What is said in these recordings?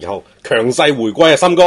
然後強勢回歸啊，森哥，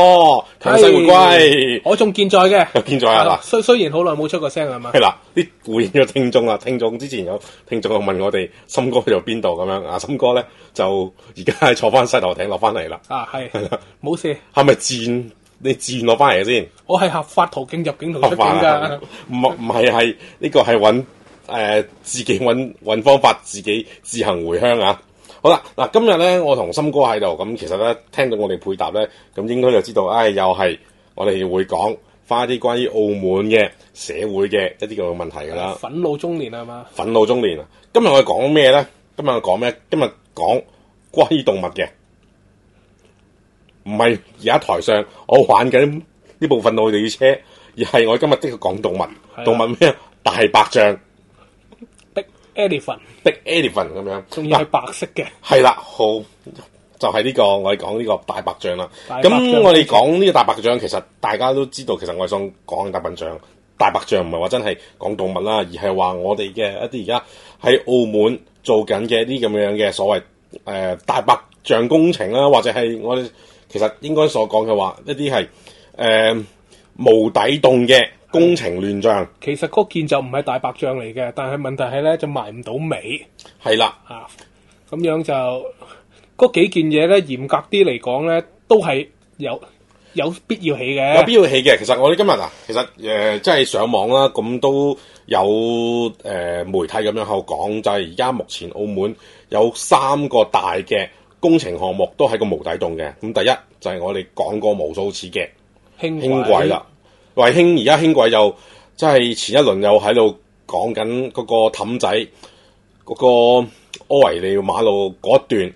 強勢回歸。我仲健在嘅，又健在啊。雖雖然好耐冇出過聲啊，係嘛？係啦，啲回應咗聽眾啦，聽眾之前有聽眾問我哋，森哥去咗邊度咁樣啊？森哥咧就而家係坐翻西頭艇落翻嚟啦。啊，係係啦，冇事。係咪自願？你自願落翻嚟嘅先？我係合法途徑入境同徑嚟噶，唔唔係係呢個係揾誒自己揾揾方法自己自行回鄉啊。好啦，嗱今日咧，我同森哥喺度，咁其實咧聽到我哋配搭咧，咁應該就知道，唉、哎，又係我哋會講翻一啲關於澳門嘅社會嘅一啲咁嘅問題噶啦。憤怒中年啊嘛！憤怒中年，今日我哋講咩咧？今日我講咩？今日講關於動物嘅，唔係而家台上我玩緊呢部分內地嘅車，而係我今日即係講動物，的動物咩？大白象。elephant，big elephant 咁樣，仲要係白色嘅，係啦、啊，好，就係呢個我哋講呢個大白象啦。咁我哋講呢個大白象，其實大家都知道，其實我係想講大笨象、大白象，唔係話真係講動物啦，而係話我哋嘅一啲而家喺澳門做緊嘅一啲咁樣嘅所謂誒、呃、大白象工程啦，或者係我哋其實應該所講嘅話，一啲係誒無底洞嘅。工程亂象，其實嗰件就唔係大白象嚟嘅，但係問題係咧就埋唔到尾。係啦的，啊，咁樣就嗰幾件嘢咧，嚴格啲嚟講咧，都係有有必要起嘅。有必要起嘅，其實我哋今日啊，其實誒即係上網啦，咁都有誒、呃、媒體咁樣喺度講，就係而家目前澳門有三個大嘅工程項目都喺個無底洞嘅。咁第一就係、是、我哋講過無數次嘅輕軌啦。貴維興而家輕軌又即係前一輪又喺度講緊嗰個氹仔嗰、那個奧維利馬路嗰段，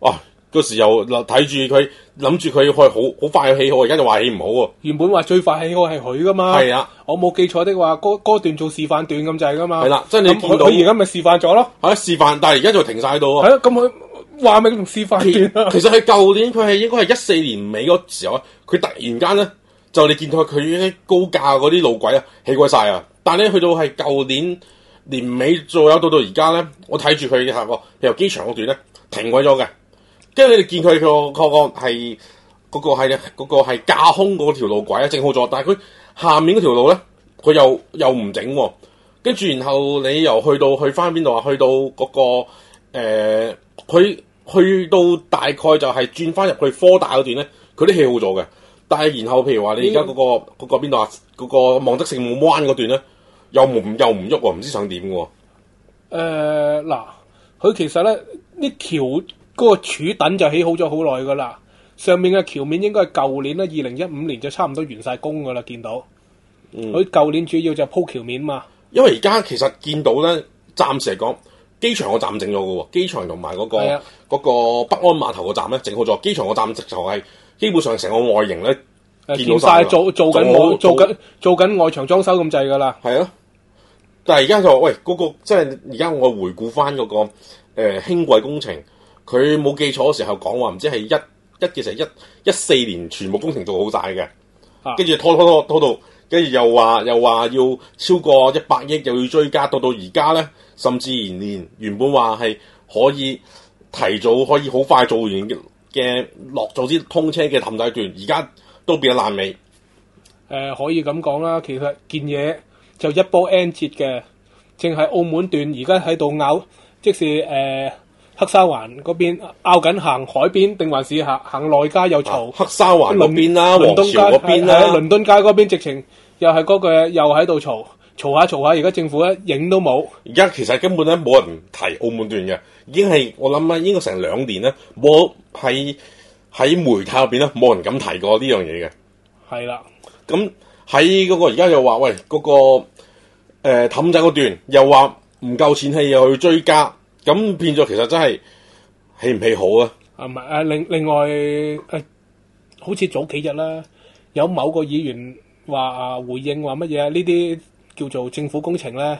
哇！嗰時又睇住佢諗住佢開好好快嘅氣，我而家就話起唔好啊！原本話最快氣好係佢噶嘛，係啊，我冇記錯的話，嗰、那個那個、段做示範段咁就係噶嘛，係啦、啊，即係你見到佢而家咪示範咗咯，係、啊、示範，但係而家就停晒度啊，係咯，咁佢話咪示範段、啊其。其實佢舊年佢係應該係一四年尾嗰時候，佢突然間咧。就你見到佢啲高架嗰啲路軌啊，起鬼晒啊！但係咧去到係舊年年尾左右到到而家咧，我睇住佢下喎，由機場嗰段咧停鬼咗嘅。跟住你哋見佢、嗰個、嗰個、嗰個係嗰、嗰個係架空嗰條路軌啊，整好咗。但係佢下面嗰條路咧，佢又又唔整、啊。跟住然後你又去到去翻邊度啊？去到嗰、嗰個佢、呃、去到大概就係轉翻入去科大嗰段咧，佢都起好咗嘅。但係，然後譬如話，嗰個，你而家嗰個嗰個邊度啊？嗰、嗰個望，嗰個嗰個、德聖母灣嗰段咧，又唔又唔喐喎，唔知想點嘅喎。嗱、呃，佢其實咧，啲橋嗰個柱墩就起好咗好耐嘅啦。上面嘅橋面應該係舊年啦，二零一五年就差唔多完晒工嘅啦。見到，佢舊、嗯、年主要就鋪橋面嘛。因為而家其實見到咧，暫時嚟講，機場個站整咗嘅喎，機場同埋嗰個北安碼頭個站咧整好咗。機場個站直就係、是。基本上成個外形咧，見晒，做做緊，冇做緊，做緊外牆裝修咁滯噶啦。係啊，但係而家就，話喂，嗰、那個即係而家我回顧翻嗰、那個誒、呃、輕軌工程，佢冇記錯嘅時候講話，唔知係一一其實一一四年全部工程做好晒嘅，跟住、啊、拖拖拖拖到，跟住又話又話要超過一百億，又要追加，到到而家咧，甚至年原，原本話係可以提早可以好快做完。嘅落咗啲通車嘅氹仔段，而家都變咗爛尾。誒、呃，可以咁講啦，其實件嘢就一波 n 折嘅，正係澳門段而家喺度拗，即是誒黑、呃、沙環嗰邊拗緊行海邊，定還是行行內街又嘈？黑、啊、沙環嗰邊啦、啊，皇朝嗰邊啦、啊，倫敦街嗰、啊邊，啊啊啊、邊直情又係嗰句又喺度嘈。嘈下嘈下，而家政府一影都冇。而家其實根本咧冇人提澳門段嘅，已經係我諗咧，應該成兩年咧，冇喺喺媒體入邊咧，冇人敢提過呢樣嘢嘅。係啦的。咁喺嗰個而家又話喂嗰、嗰個氹仔嗰段又話唔夠錢氣又去追加，咁變咗其實真係氣唔氣好啊？啊唔係啊，另另外誒、哎，好似早幾日啦，有某個議員話、啊、回應話乜嘢啊？呢啲叫做政府工程呢，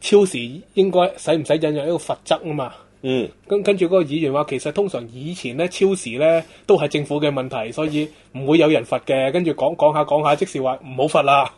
超時應該使唔使引入一個罰則啊嘛？嗯，跟跟住嗰個議員話，其實通常以前呢，超時呢都係政府嘅問題，所以唔會有人罰嘅。跟住講講下講下，即是話唔好罰啦，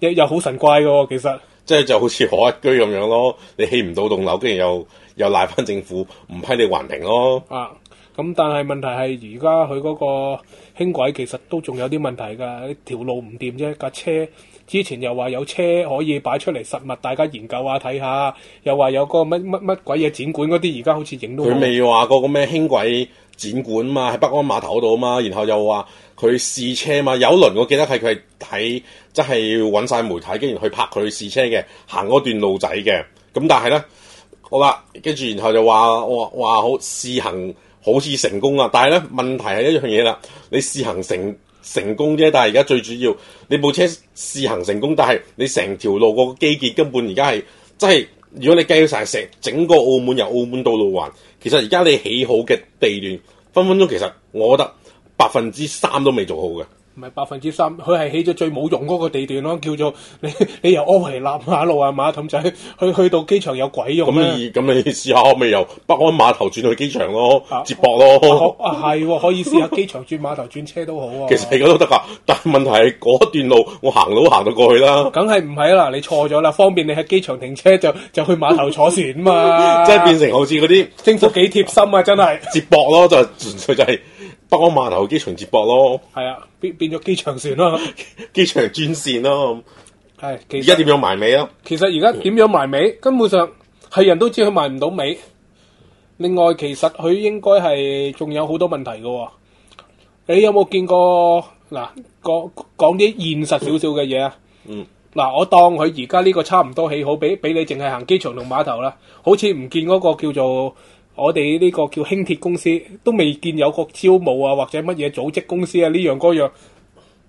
又又好神怪喎、哦。其實即係就好似海一居咁樣咯，你起唔到棟樓，跟住又又賴翻政府，唔批你還停咯。啊，咁、嗯、但係問題係而家佢嗰個輕軌其實都仲有啲問題㗎，條路唔掂啫，架車。之前又話有車可以擺出嚟實物，大家研究下睇下。看看又話有個乜乜乜鬼嘢展館嗰啲，而家好似影到佢未話過個咩輕軌展館啊嘛，喺北安碼頭度啊嘛。然後又話佢試車啊嘛，有一輪我記得係佢係睇即係揾晒媒體，跟住去拍佢試車嘅，行嗰段路仔嘅。咁但係咧，好啦，跟住然後就話我話話好試行好似成功啊，但係咧問題係一樣嘢啦，你試行成，成功啫，但係而家最主要，你部車試行成功，但係你成條路個基建根本而家係，真係，如果你計晒成整個澳門由澳門到路環，其實而家你起好嘅地段分分鐘其實我覺得百分之三都未做好嘅。唔係百分之三，佢係起咗最冇用嗰個地段咯，叫做你你由柯維納馬路啊馬氹仔去去到機場有鬼用咩？咁你咁你試下咪由北安碼頭轉去機場咯，啊、接駁咯。啊，係可以試下機場轉碼頭 轉車都好啊。其實而家都得噶，但係問題係嗰段路我行路行到過去啦。梗係唔係啦？你錯咗啦，方便你喺機場停車就就去碼頭坐船啊嘛， 即係變成好似嗰啲政府幾貼心啊，真係接駁咯，就純粹就係。就就就就就就香港碼頭機場接駁咯，係啊，變變咗機場線咯，機場轉線咯，係。其實而家點樣埋尾啊？其實而家點樣埋尾，根本上係人都知佢埋唔到尾。另外，其實佢應該係仲有好多問題㗎。你有冇見過嗱講講啲現實少少嘅嘢啊？嗯。嗱，我當佢而家呢個差唔多起好，畀畀你淨係行機場同碼頭啦，好似唔見嗰個叫做。我哋呢個叫輕鐵公司，都未見有個招募啊，或者乜嘢組織公司啊呢樣嗰樣，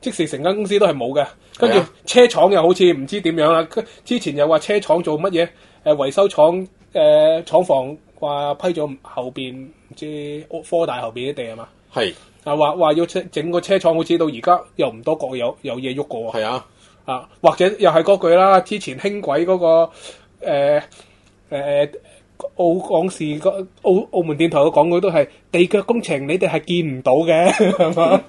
即係成間公司都係冇嘅。跟住、啊、車廠又好似唔知點樣啦。之前又話車廠做乜嘢？誒、呃、維修廠誒廠房話、呃、批咗後邊唔知科大後邊啲地吖嘛？係啊話話、啊、要整整個車廠，好似到而家又唔多覺有有嘢喐過啊。係啊啊，或者又係嗰句啦。之前輕軌嗰個誒誒。呃呃呃呃澳港事個澳澳門電台個廣告都係地腳工程，你哋係見唔到嘅，係嘛？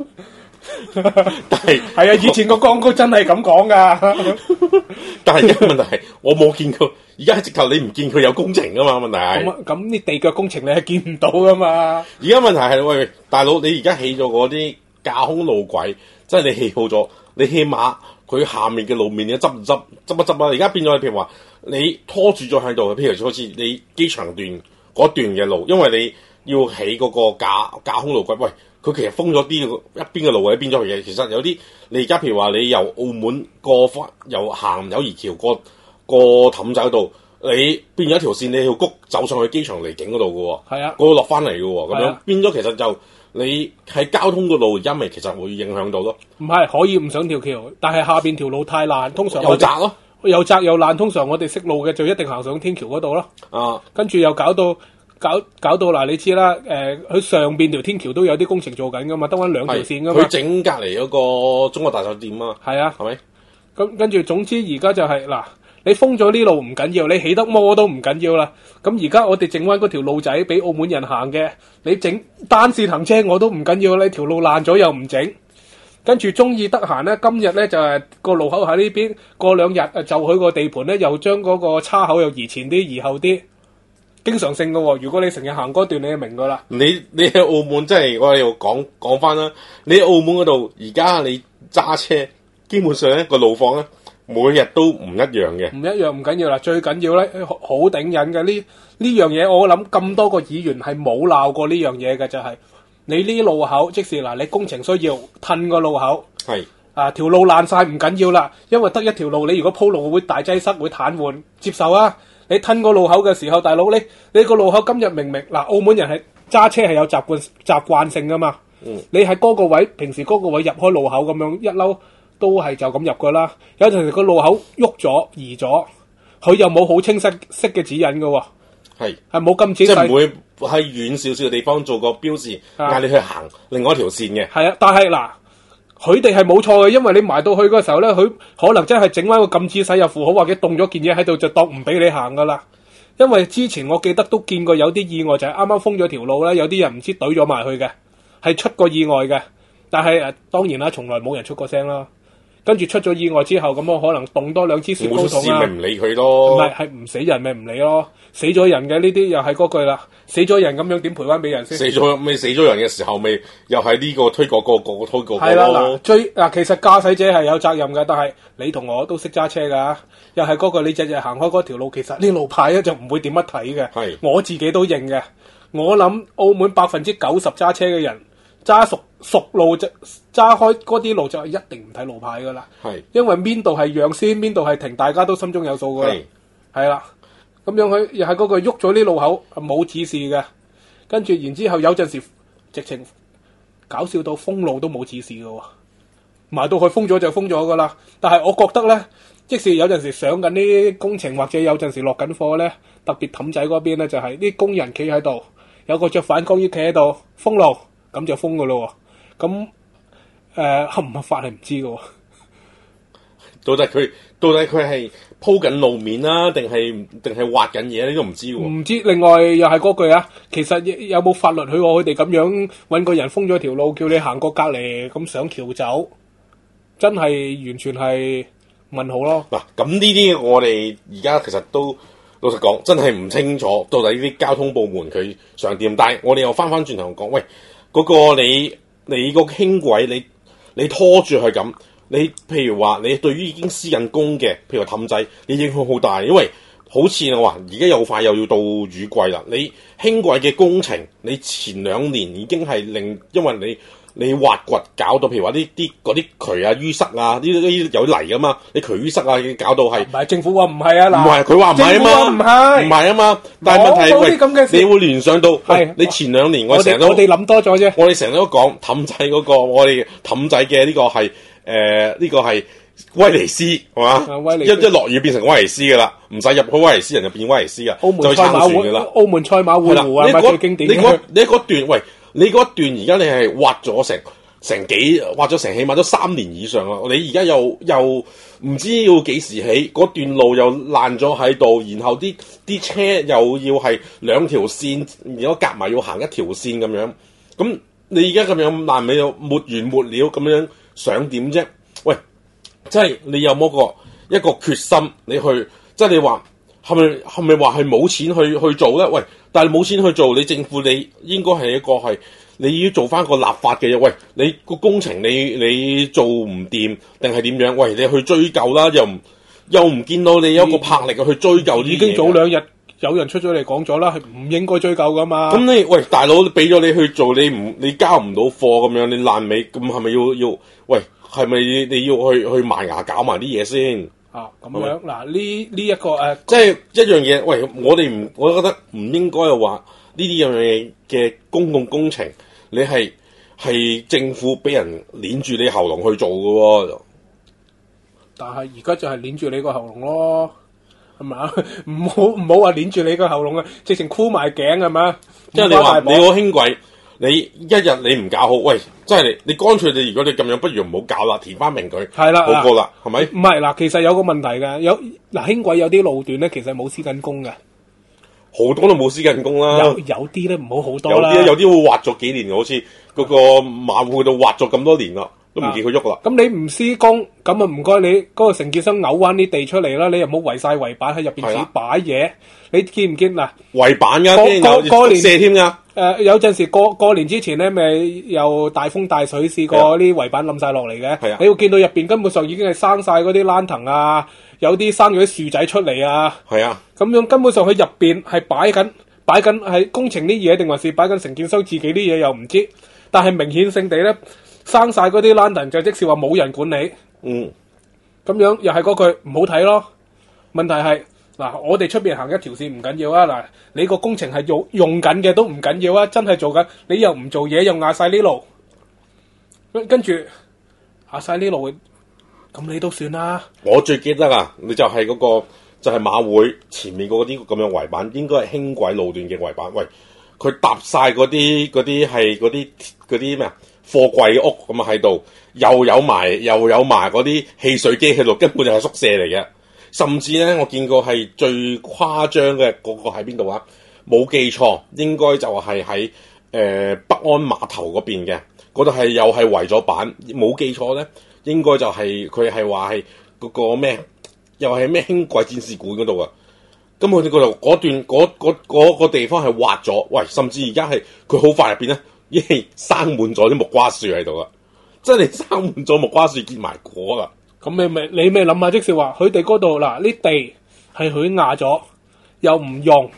係係啊，以前個廣告真係咁講噶。但係而家問題係，我冇見過，而家直頭你唔見佢有工程噶嘛？問題咁咁呢地腳工程你係見唔到噶嘛？而家問題係，喂，大佬，你而家起咗嗰啲架空路軌，即係你起好咗，你起碼佢下面嘅路面你執唔執？執一執啊！而家變咗你譬如話，你拖住咗喺度，譬如好似你機場段嗰段嘅路，因為你要起嗰個架架空路軌，喂，佢其實封咗啲一邊嘅路或者變咗樣嘅，其實有啲你而家譬如話你由澳門過翻，由行友誼橋過過氹仔度，你變咗一條線，你要谷走上去機場離境嗰度嘅喎，係啊，嗰度落翻嚟嘅喎，咁樣、啊、變咗其實就你喺交通嘅路而家咪其實會影響到咯，唔係可以唔上條橋，但係下邊條路太爛，通常又窄咯、啊。又窄又爛，通常我哋識路嘅就一定行上天橋嗰度咯。哦、啊，跟住又搞到搞搞到嗱，你知啦，誒、呃，佢上邊條天橋都有啲工程做緊噶嘛，得翻兩條線噶嘛。佢整隔籬嗰個中國大酒店啊嘛。係啊，係咪吧？咁跟住，總之而家就係、是、嗱，你封咗呢路唔緊要，你起得摩都唔緊要啦。咁而家我哋整翻嗰條路仔俾澳門人行嘅，你整單線行車我都唔緊要啦。條路爛咗又唔整。跟住中意得閒咧，今日咧就係個路口喺呢邊，過兩日就佢個地盤咧，又將嗰個叉口又移前啲，移後啲，經常性嘅。如果你成日行嗰段，你就明㗎喇。你你喺澳門真係，我又講講返啦。你喺澳門嗰度，而家你揸車，基本上咧個路況咧，每日都唔一樣嘅。唔一樣，唔緊要啦。最緊要咧，好頂癮嘅呢呢樣嘢，我諗咁多個議員係冇鬧過呢樣嘢嘅，就係、係。你呢路口，即使嗱，你工程需要褪個路口，係是啊，條路爛晒唔緊要啦，因為得一條路，你如果鋪路會大擠塞，會癱瘓，接受啊。你褪個路口嘅時候，大佬你你個路口今日明明嗱、啊，澳門人係揸車係有習慣習慣性噶嘛。嗯，你喺嗰個位，平時嗰個位入開路口咁樣一嬲都係就咁入噶啦。有陣時個路口喐咗移咗，佢又冇好清晰識嘅指引噶、啊，係係冇咁仔細。喺遠少少嘅地方做個標示，嗌、啊、你去行另外一條線嘅。係啊，但係嗱，佢哋係冇錯嘅，因為你埋到去嗰時候咧，佢可能真係整翻個禁止駛入符號，或者凍咗件嘢喺度就當唔俾你行噶啦。因為之前我記得都見過有啲意外，就係啱啱封咗條路咧，有啲人唔知懟咗埋去嘅，係出過意外嘅。但係誒，當然啦，從來冇人出過聲啦。跟住出咗意外之後，咁我可能凍多兩支雪糕，咪唔理佢咯，唔係係唔死人咪唔理咯。死咗人嘅呢啲又係嗰句啦，死咗人咁樣點賠翻俾人先？死咗咪死咗人嘅時候咪又係呢個推過過過推過係 啦，嗱，最嗱其實駕駛者係有責任嘅，但係你同我都識揸車噶，又係嗰句，你日日行開嗰條路，其實呢路牌咧就唔會點乜睇嘅。係的，我自己都認嘅。我諗澳門百分之九十揸車嘅人揸熟熟路就揸開啲路就一定唔睇路牌噶啦。係的，因為邊度係讓先，邊度係停，大家都心中有數噶。係的，係啦。咁樣佢又係嗰個喐咗啲路口冇指示嘅，跟住然之後有陣時直情搞笑到封路都冇指示嘅、哦，埋到佢封咗就封咗噶啦。但係我覺得咧，即使有陣時上緊啲工程或者有陣時落緊貨咧，特別氹仔嗰邊咧就係、是、啲工人企喺度，有個着反光衣企喺度封路，咁就封噶咯。咁誒、呃、合唔合法係唔知嘅、哦。到底佢到底佢係鋪緊路面啦，定係定係挖緊嘢咧？你都唔知喎。唔知，另外又係嗰句啊，其實有冇法律去喎佢哋咁樣搵個人封咗條路，叫你行過隔籬咁上橋走，真係完全係問號咯。嗱，咁呢啲我哋而家其實都老實講，真係唔清楚到底呢啲交通部門佢上點帶。我哋又翻翻轉頭講，喂，嗰個你你個輕軌，你你拖住佢咁。你譬如話你對於已經施緊工嘅，譬如話氹仔，你影響好大，因為好似我話，而家又快又要到雨季啦。你輕軌嘅工程，你前兩年已經係令，因為你你挖掘搞到，譬如話呢啲嗰啲渠啊淤塞啊，呢啲有泥啊嘛，你渠淤塞啊，已經搞到係。唔係政府話唔係啊嗱。唔係佢話唔係啊嘛。唔係唔係啊嘛，但係問題你你會聯想到，是你前兩年我成日都我哋諗多咗啫。我哋成日都講氹仔嗰個，我哋氹仔嘅呢個係。誒，呢、呃，這個係威尼斯係嘛？威尼斯。一一落雨變成威尼斯噶啦，唔使入去威尼斯人就變威尼斯噶。澳門賽馬會，澳門賽馬會係啦。你嗰、那個、你嗰、那個、你嗰、那個、段喂，你嗰段而家你係挖咗成成幾挖咗成起碼都三年以上啦。你而家又又唔知要幾時起，嗰段路又爛咗喺度，然後啲啲車又要係兩條線，如果夾埋要行一條線咁樣，咁你而家咁樣爛尾又沒完，完沒了咁樣。想點啫？喂，即係你有冇個一個決心？你去即係你話係咪係咪話係冇錢去去做咧？喂，但係冇錢去做，你政府你應該係一個係你要做翻個立法嘅。喂，你個工程你你做唔掂定係點樣？喂，你去追究啦，又唔又唔見到你有個魄力你去追究。已經早兩日。有人出咗嚟講咗啦，唔應該追究噶嘛。咁你喂大佬俾咗你去做，你唔你交唔到貨咁樣，你爛尾咁係咪要要？喂，係咪你，你要去去埋牙搞埋啲嘢先？啊，咁樣嗱，呢呢、啊、一個誒，即、呃、係、就是、一樣嘢。喂，我哋唔，我覺得唔應該話呢啲樣嘢嘅公共工程，你係係政府俾人鏈住你喉嚨去做噶、哦。但係而家就係鏈住你個喉嚨咯。係嘛？唔好唔好話捏住你個喉嚨啊！直情箍埋頸，係嘛？即係你話你嗰輕軌，你一日你唔搞好，喂！即係你乾脆你如果你咁樣，不如唔好搞啦，填翻明佢係啦，好過啦，係咪？唔係嗱，其實有個問題嘅，有嗱輕軌有啲路段咧，其實冇施緊工嘅，好多都冇施緊工啦。有有啲咧唔好好多有啲有啲會挖咗幾年，好似嗰個馬會度挖咗咁多年噶。 都唔見佢喐啦，咁、啊、你唔施工，咁啊唔該你嗰、嗰個承建商嘔翻啲地出嚟啦，你又冇圍晒圍板喺入邊只擺嘢，啊、你見唔見嗱？圍板噶，過過個年，過年添噶，誒，有陣時過過年之前咧，咪又大風大水試，試過啲圍板冧晒落嚟嘅，啊、你會見到入邊根本上已經係生晒嗰啲蘭藤啊，有啲生咗啲樹仔出嚟啊，係啊，咁樣根本上喺入邊係擺緊擺緊係工程啲嘢，定還是擺緊承建商自己啲嘢又唔知，但係明顯性地咧。生曬嗰啲爛墩，就即使話冇人管理。嗯，咁樣又係嗰句唔好睇咯。問題係嗱，我哋出邊行一條線唔緊要啊。嗱，你個工程係用用緊嘅都唔緊要啊。真係做緊，你又唔做嘢又壓晒呢路。跟住壓晒呢路，咁你都算啦。我最記得啊，你就係嗰個就係馬會前面嗰啲咁樣圍板，應該係輕軌路段嘅圍板。喂，佢搭晒嗰啲嗰啲係嗰啲嗰啲咩啊？貨櫃屋咁啊喺度，又有埋又有埋嗰啲汽水機喺度，根本就係宿舍嚟嘅。甚至咧，我見過係最誇張嘅嗰、嗰個喺邊度啊？冇記錯，應該就係喺誒北安碼頭嗰邊嘅。嗰度係又係圍咗板，冇記錯咧，應該就係佢係話係嗰個咩？又係咩輕軌展示館嗰度啊？咁佢哋嗰度段嗰、嗰個嗰個嗰個地方係挖咗，喂！甚至而家係佢好快入邊咧。依 生滿咗啲木瓜樹喺度啊！即係生滿咗木瓜樹結埋果啊！咁、嗯、你咪你咪諗下，即時話佢哋嗰度嗱呢地係佢壓咗又唔用，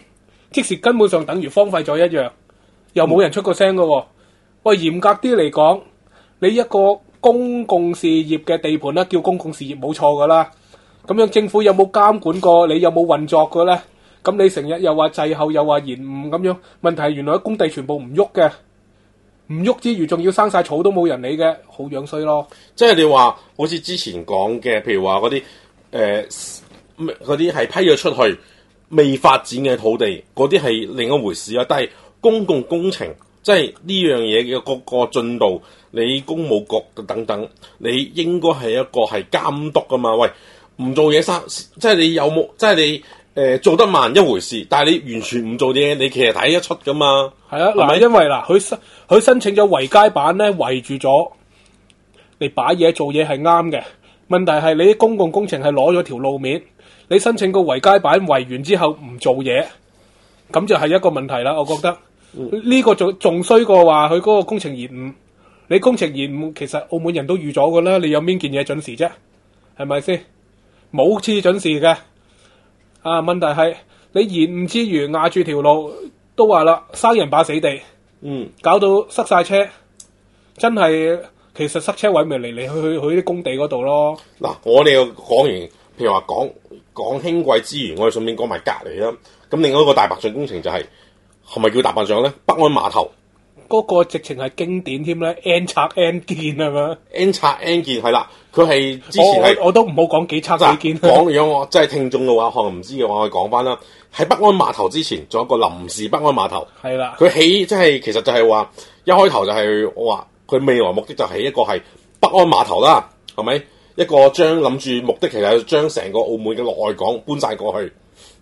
即時根本上等於荒廢咗一樣，又冇人出個聲噶。嗯、喂，嚴格啲嚟講，你一個公共事業嘅地盤啦，叫公共事業冇錯噶啦。咁樣政府有冇監管過？你有冇運作過呢？咁你成日又話滯後，又話延誤咁樣，問題原來工地全部唔喐嘅。唔喐之餘，仲要生晒草都冇人理嘅，好樣衰咯！即係你話，好似之前講嘅，譬如話嗰啲誒，嗰啲係批咗出去未發展嘅土地，嗰啲係另一回事啊！但係公共工程，即係呢樣嘢嘅個個進度，你公務局等等，你應該係一個係監督㗎嘛？喂，唔做嘢生，即係你有冇？即係你。呃、做得慢一回事，但係你完全唔做嘢，你其實睇得出噶嘛？係啊，嗱是、啊，因為嗱，佢申佢申請咗圍街板呢，圍住咗嚟擺嘢做嘢係啱嘅。問題係你啲公共工程係攞咗條路面，你申請個圍街板圍完之後唔做嘢，咁就係一個問題啦。我覺得呢、嗯、個仲仲衰過話佢嗰個工程延誤。你工程延誤，其實澳門人都預咗噶啦。你有邊件嘢準時啫？係咪先？冇次準時嘅。啊！問題係你延誤之餘，壓住條路，都話啦，生人把死地，嗯，搞到塞晒車，真係其實塞車位咪嚟嚟去去去啲工地嗰度咯。嗱、啊，我哋又講完，譬如話講講輕軌之餘，我哋順便講埋隔離啦。咁另外一個大白象工程就係係咪叫大白象咧？北安碼頭。嗰個直情係經典添咧，N 拆 N 建係嘛，N 拆 N 建係啦，佢係之前係我，我，我都唔好講幾拆幾建，講完 如果我真係聽眾嘅話可能唔知嘅話，我哋講翻啦。喺北安碼頭之前仲有一個臨時北安碼頭，係啦的，佢起即係其實就係話一開頭就係、係、我話佢未來目的就係一個係北安碼頭啦，係咪一個將諗住目的其實將成個澳門嘅內港搬晒過去。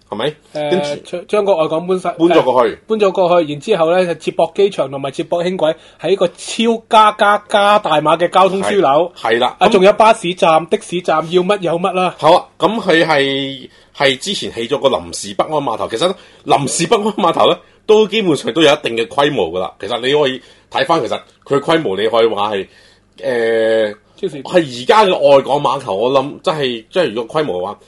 係咪？誒，跟住將個外港搬晒搬咗過去，搬咗過去，然後之後咧就接駁機場同埋接駁輕軌，喺個超加加加大碼嘅交通樞紐。係啦，啊，仲那有巴士站、的士站，要乜有乜啦。好啊，咁佢係係之前起咗個臨時北安碼頭，其實臨時北安碼頭咧都基本上都有一定嘅規模噶啦。其實你可以睇翻，其實佢嘅規模你可以話係誒，係而家嘅外港碼頭，我諗即係即係如果規模嘅話。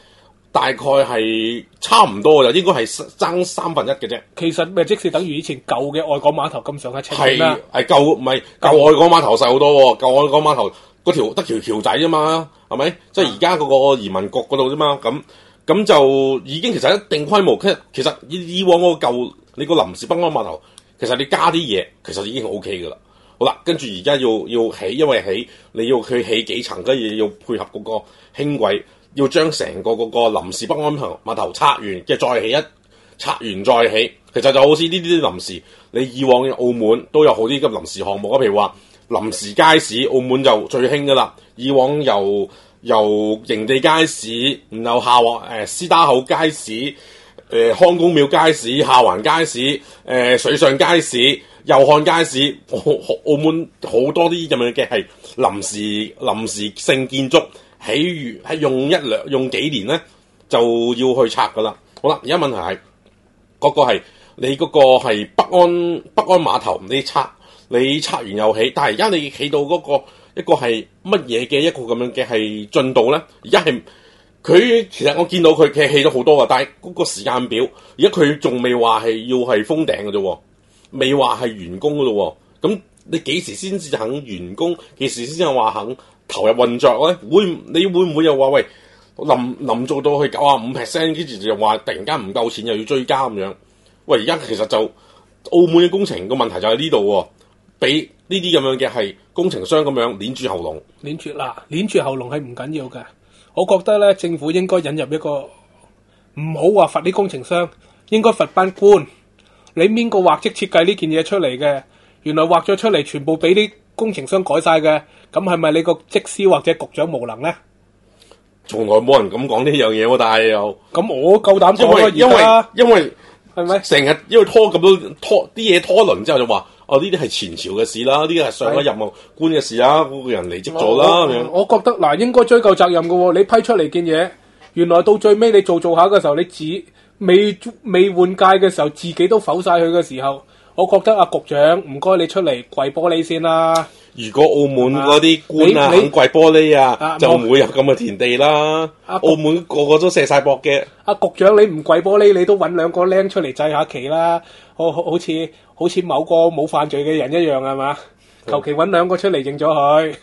大概係差唔多就應該係爭三分一嘅啫。其實咪即係等於以前舊嘅外港碼頭咁上下尺啦。係係舊唔係舊外港碼頭細好多喎，舊外港碼頭嗰條得條橋仔啫嘛，係咪？嗯、即係而家嗰個移民局嗰度啫嘛，咁咁就已經其實一定規模。其實以以往嗰舊你個臨時北岸碼頭，其實你加啲嘢其實已經 O K 嘅啦。好啦，跟住而家要要起，因為起你要佢起幾層，跟住要配合嗰個輕軌。要將成個嗰個臨時北安頭碼頭拆完，嘅再起一拆完再起，其實就好似呢啲啲臨時。你以往嘅澳門都有好啲嘅臨時項目啊，譬如話臨時街市，澳門就最興噶啦。以往由由營地街市，然後下誒斯、呃、打口街市，誒、呃、康公廟街市、下環街市、誒、呃水，呃、水上街市、祐漢街市，澳澳門好多啲咁樣嘅係臨時臨時性建築。起完，喺用一兩用幾年咧，就要去拆噶啦。好啦，而家問題係，個你個係你嗰個係北安北安碼頭，你拆你拆完又起，但係而家你起到嗰、嗰個一個係乜嘢嘅一個咁樣嘅係進度咧？而家係佢其實我見到佢嘅起咗好多啊，但係嗰個時間表是是而家佢仲未話係要係封頂嘅啫，未話係完工嘅咯。咁你幾時先至肯完工？幾時先至話肯？投入運作咧，會你會唔會又話喂臨臨做到去九啊五 percent，跟住就話突然間唔夠錢又要追加咁樣？喂，而家其實就澳門嘅工程個問題就喺呢度喎，俾呢啲咁樣嘅係工程商咁樣捏住喉嚨。捏住嗱，捏住喉嚨係唔緊要嘅。我覺得咧，政府應該引入一個唔好話罰啲工程商，應該罰班官。你邊個畫則設計呢件嘢出嚟嘅？原來畫咗出嚟，全部俾啲。工程商改晒嘅，咁係咪你個職司或者局長無能咧？從來冇人咁講呢樣嘢喎，但係又咁我夠膽做，都因為因為係咪成日因為拖咁多拖啲嘢拖輪之後就話哦呢啲係前朝嘅事啦，呢啲係上一任務官嘅事啦，嗰個的人離職咗啦。我覺得嗱，應該追究責任嘅，你批出嚟件嘢，原來到最尾你做做下嘅時候，你自未未換屆嘅時候，自己都否晒佢嘅時候。我覺得阿局長唔該，你出嚟跪玻璃先啦。如果澳門嗰啲官啊跪玻璃啊，就唔會有咁嘅田地啦。阿澳門個個都卸晒膊嘅。阿局長你唔跪玻璃，你都揾兩個僆出嚟祭下旗啦。好好似好似某個冇犯罪嘅人一樣，係嘛？求其揾兩個出嚟認咗佢。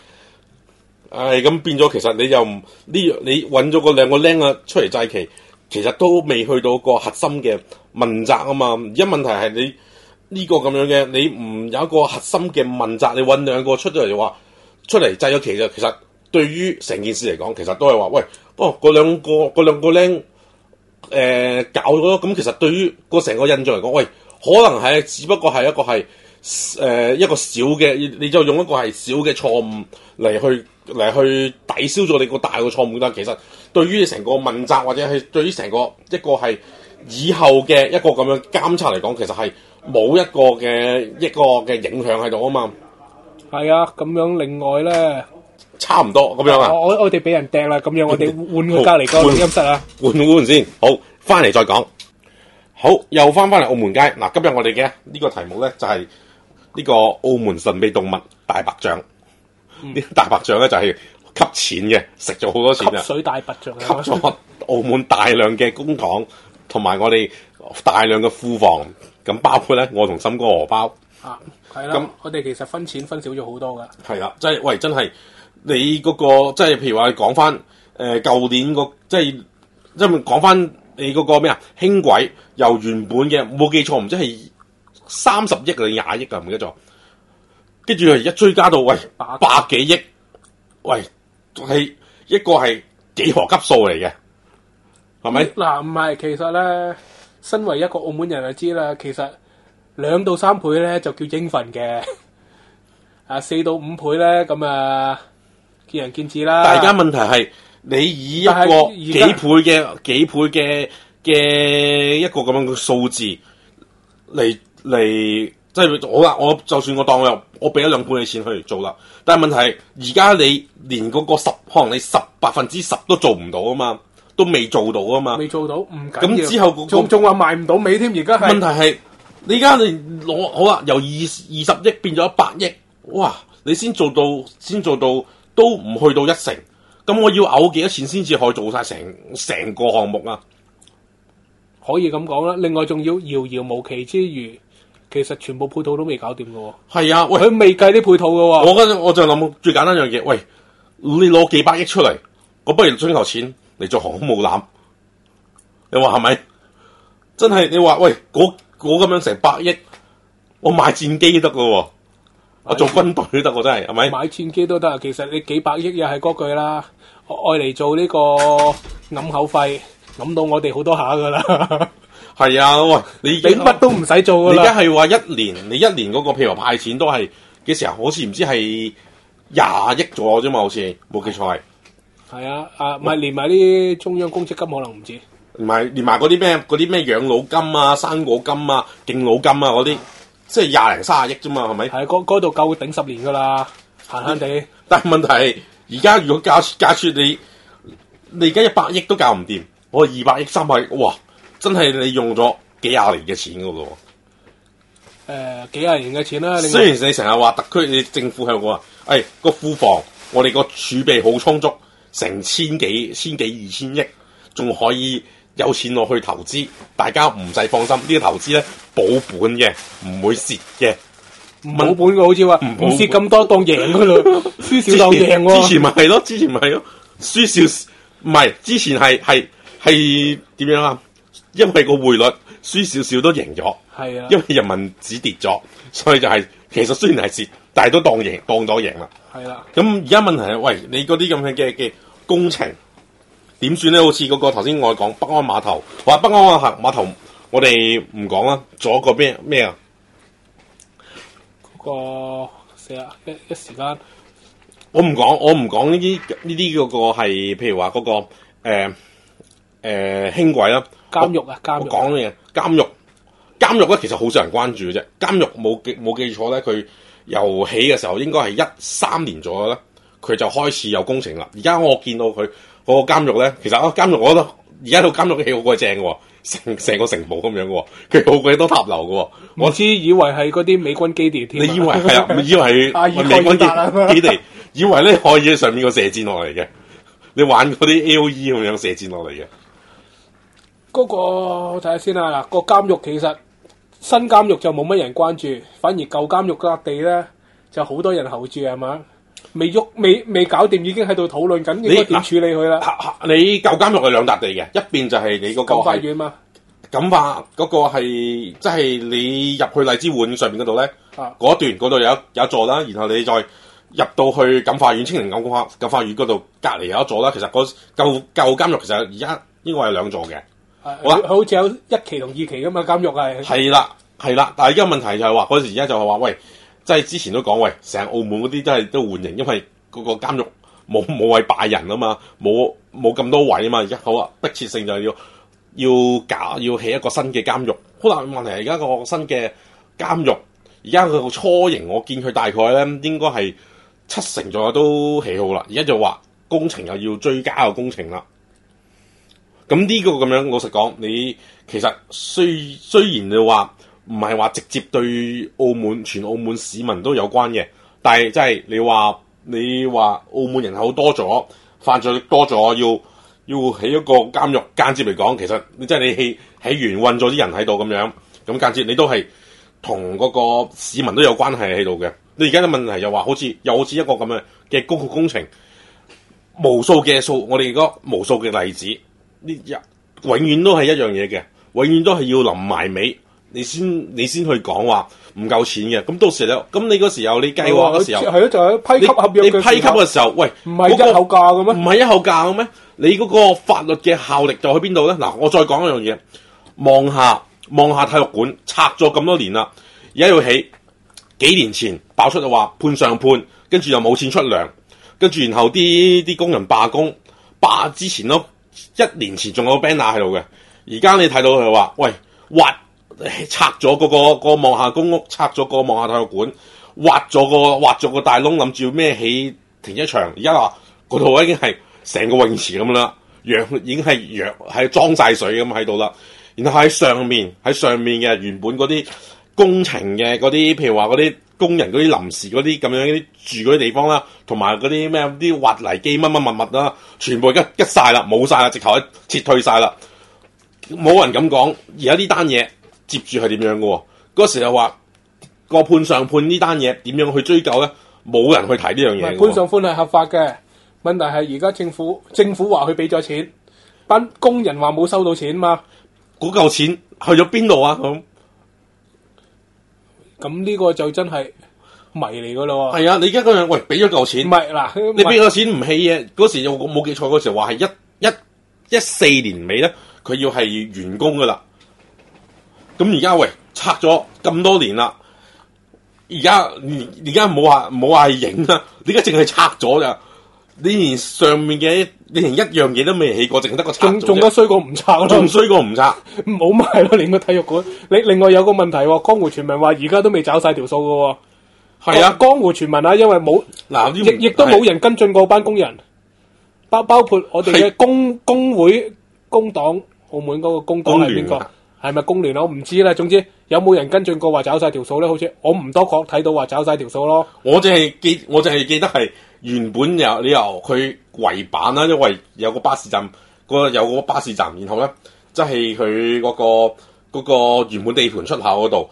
誒，咁變咗其實你又唔呢樣？你揾咗個兩個僆啊出嚟祭旗，其實都未去到個核心嘅問責啊嘛。而家問題係你。呢個咁樣嘅，你唔有一個核心嘅問責，你揾兩個出咗嚟就話出嚟制咗期就，其實對於成件事嚟講，其實都係話喂，哦嗰兩個嗰兩個僆誒搞咗咁，其實對於個成個印象嚟講，喂可能係只不過係一個係誒、呃、一個小嘅，你就用一個係小嘅錯誤嚟去嚟去抵消咗你個大嘅錯誤，但係其實對於成個問責或者係對於成個一個係以後嘅一個咁樣監察嚟講，其實係。冇一個嘅一個嘅影響喺度啊嘛，係啊，咁樣另外咧，差唔多咁樣啊。我我哋俾人掟啦，咁樣我哋換個隔籬間音室啊。換換先，好，翻嚟再講。好，又翻翻嚟澳門街嗱，今日我哋嘅呢個題目咧就係呢個澳門神秘動物大白象。呢大白象咧就係吸錢嘅，食咗好多錢啊！水大白象啊！吸咗澳門大量嘅公帑，同埋我哋大量嘅庫房。咁包括咧，我同森哥荷包啊，係啦。咁、嗯、我哋其實分錢分少咗好多噶。係啦，即係喂，真係你嗰，那個，即係譬如話你講翻誒舊年，那個，即係即為講翻你嗰個咩啊？輕軌由原本嘅冇記錯唔知係三十億定廿億啊，唔記得咗。跟住佢一追加到喂百幾多 億，喂係一個係幾何級數嚟嘅，係咪，嗯？嗱的，唔係其實咧。身為一個澳門人就知啦，其實兩到三倍咧就叫應份嘅，啊四到五倍咧咁啊見仁見智啦。大家問題係你以一個幾倍嘅幾倍嘅嘅一個咁樣嘅數字嚟嚟，即係、就是、好啦，我就算我當我我俾咗兩倍嘅錢去做啦，但係問題係而家你連嗰個十可能你十百分之十都做唔到啊嘛～都未做到啊嘛，未做到唔緊要，咁之後，仲仲話賣唔到尾添，而家問題係你而家你攞好啦，由二二十億變咗一百億，哇！你先做到先做到都唔去到一成，咁我要嘔幾多錢先至可以做晒成成個項目啊？可以咁講啦，另外仲要遙遙無期之餘，其實全部配套都未搞掂噶喎。係啊，喂，佢未計啲配套噶喎。我嗰陣我就諗最簡單樣嘢，喂，你攞幾百億出嚟，我不如追求錢。你做航空母艦，你話係咪？真係你話喂，嗰咁樣成百億，我買戰機得噶，我做軍隊都得，我真係係咪？買戰機都得啊！其實你幾百億又係嗰句啦，愛嚟做呢、這個揞口費，揞到我哋好多下噶啦。係 啊，喂你乜都唔使做噶啦。而家係話一年，你一年嗰、那個譬如話派錢都係嘅時候好似唔知係廿億咗啫嘛，好似冇記錯係。係啊，唔係連埋啲中央公積金可能唔止。唔係連埋嗰啲咩嗰啲咩養老金啊、生果金啊、敬老金啊嗰啲，即係廿零三十億啫嘛，係咪？係嗰度夠頂十年噶啦，閒閒地。但問題係而家如果假假設你，你而家一百億都搞唔掂，我二百億三百億，哇！真係你用咗幾廿年嘅錢噶喎。誒、呃、幾廿年嘅錢啦，你。雖然你成日話特區你政府向我話，誒、哎、個庫房我哋個儲備好充足。成千幾、千幾二千億，仲可以有錢落去投資，大家唔使放心。呢、這個投資咧保本嘅，唔會蝕嘅。唔係保本嘅好似話唔蝕咁多、嗯、當贏嘅咯，輸少當贏 之前咪係咯，之前咪係咯，輸少唔係之前係係係點樣啊？因為個匯率輸少少都贏咗，係是啊。因為人民紙跌咗，所以就係、是、其實雖然係蝕，但係都當贏當咗贏啦。係啦。咁而家問題係，喂，你嗰啲咁嘅嘅嘅。工程點算咧？好似嗰個頭先我講北安碼頭，話北安客碼頭，我哋唔講啦。左個邊咩啊？嗰個成日一一時間，我唔講，我唔講呢啲呢啲嗰個係，譬如話嗰個誒誒、呃呃、輕軌啦，監獄啊，監獄講嘢，監獄監獄咧，其實好少人關注嘅啫。監獄冇記冇記錯咧，佢由起嘅時候應該係一三年左右啦。佢就開始有工程啦。而家我見到佢個監獄咧，其實啊監獄，我覺得而家套監獄嘅戲好鬼正喎，成成個城堡咁樣嘅喎，佢好鬼多塔樓嘅喎。知我先以為係嗰啲美軍基地添，你以為係啊？ 以為係 美軍基基地， 以為咧可以喺上面個射箭落嚟嘅，你玩嗰啲 L E 咁樣射箭落嚟嘅。嗰、那個睇下先啦，嗱、那個監獄其實新監獄就冇乜人關注，反而舊監獄嗰笪地咧就好多人候住，係咪啊？未喐，未未搞掂，已經喺度討論緊應該點處理佢啦。你舊監獄係兩笪地嘅，一邊就係你個感化院嘛。感化嗰個係即係你入去荔枝碗上面嗰度咧，嗰一段嗰度有一一座啦，然後你再入到去感化院清寧暗谷下感化院嗰度隔離有一座啦。其實個舊舊監獄其實而家應該係兩座嘅。好啦，好似有一期同二期咁啊，監獄係。係啦，係啦，但係而家問題就係話嗰時而家就係話喂。即係之前都講，喂，成澳門嗰啲都係都緩刑，因為嗰個監獄冇冇位擺人啊嘛，冇冇咁多位啊嘛，而家好啊，迫切性就要要搞要起一個新嘅監獄。好啦，問題係而家個新嘅監獄，而家佢個雛形，我見佢大概咧應該係七成左右都起好啦。而家就話工程又要追加個工程啦。咁呢個咁樣，老實講，你其實雖雖然你話。唔係話直接對澳門全澳門市民都有關嘅，但係即係你話你話澳門人口多咗，犯罪率多咗，要要起一個監獄間接嚟講，其實即係你起起懸運咗啲人喺度咁樣，咁間接你都係同嗰個市民都有關係喺度嘅。你而家嘅問題又、就、話、是、好似又好似一個咁嘅嘅公共工程，無數嘅數，我哋個無數嘅例子，呢一永遠都係一樣嘢嘅，永遠都係要臨埋尾。你先你先去講話唔夠錢嘅，咁到時咧，咁你嗰時候你計劃嗰時候，係咯、嗯，就喺、是、批級合約你，你批級嘅時候，喂、這個，唔係一口價嘅咩？唔係一口價嘅咩？你嗰個法律嘅效力就去邊度咧？嗱，我再講一樣嘢，望下望下體育館拆咗咁多年啦，而家要起。幾年前爆出就話判上判，跟住又冇錢出糧，跟住然後啲啲工人罷工，罷之前咯，一年前仲有個 banner 喺度嘅，而家你睇到佢話喂挖。拆咗個個個望廈公屋，拆咗個望廈體育館，挖咗個挖咗個大窿，諗住咩起停車場？而家話嗰度已經係成個泳池咁啦，養已經係養係裝晒水咁喺度啦。然後喺上面喺上面嘅原本嗰啲工程嘅嗰啲，譬如話嗰啲工人嗰啲臨時嗰啲咁樣啲住嗰啲地方啦，同埋嗰啲咩啲挖泥機乜乜乜物啦，全部一一晒啦，冇晒啦，直頭一撤退晒啦，冇人咁講。而家呢單嘢。接住係點樣嘅？嗰時又話個判上判呢單嘢點樣去追究咧？冇人去睇呢樣嘢。判上判係合法嘅，問題係而家政府政府話佢俾咗錢，班工人話冇收到錢嘛，嗰嚿錢去咗邊度啊？咁咁呢個就真係謎嚟嘅咯。係啊，你而家嗰樣喂俾咗嚿錢，唔係嗱，你俾咗錢唔起嘢。嗰不時又冇記錯嗰時話係一一一,一四年尾咧，佢要係完工噶啦。咁而家喂拆咗咁多年啦，而家而而家冇話冇話影啦，而家淨係拆咗咋？你連上面嘅，你連一樣嘢都未起過，淨得個拆咗。仲仲衰過唔拆，仲衰過唔拆？唔好賣咯，你個體育館。你另外有個問題喎，江湖傳聞話而家都未找晒條數噶。係啊，啊，江湖傳聞啊，因為冇，亦亦都冇人跟進過班工人，包包括我哋嘅工是是工會、工黨，澳門嗰個工黨係邊個？係咪工聯咯？我唔知啦。總之有冇人跟進過話找晒條數咧？好似我唔多覺睇到話找晒條數咯。我淨係記，我淨係記得係原本有，你由佢圍板啦，因為有個巴士站，個有個巴士站，然後咧即係佢嗰個、嗰個嗰個原本地盤出口嗰度，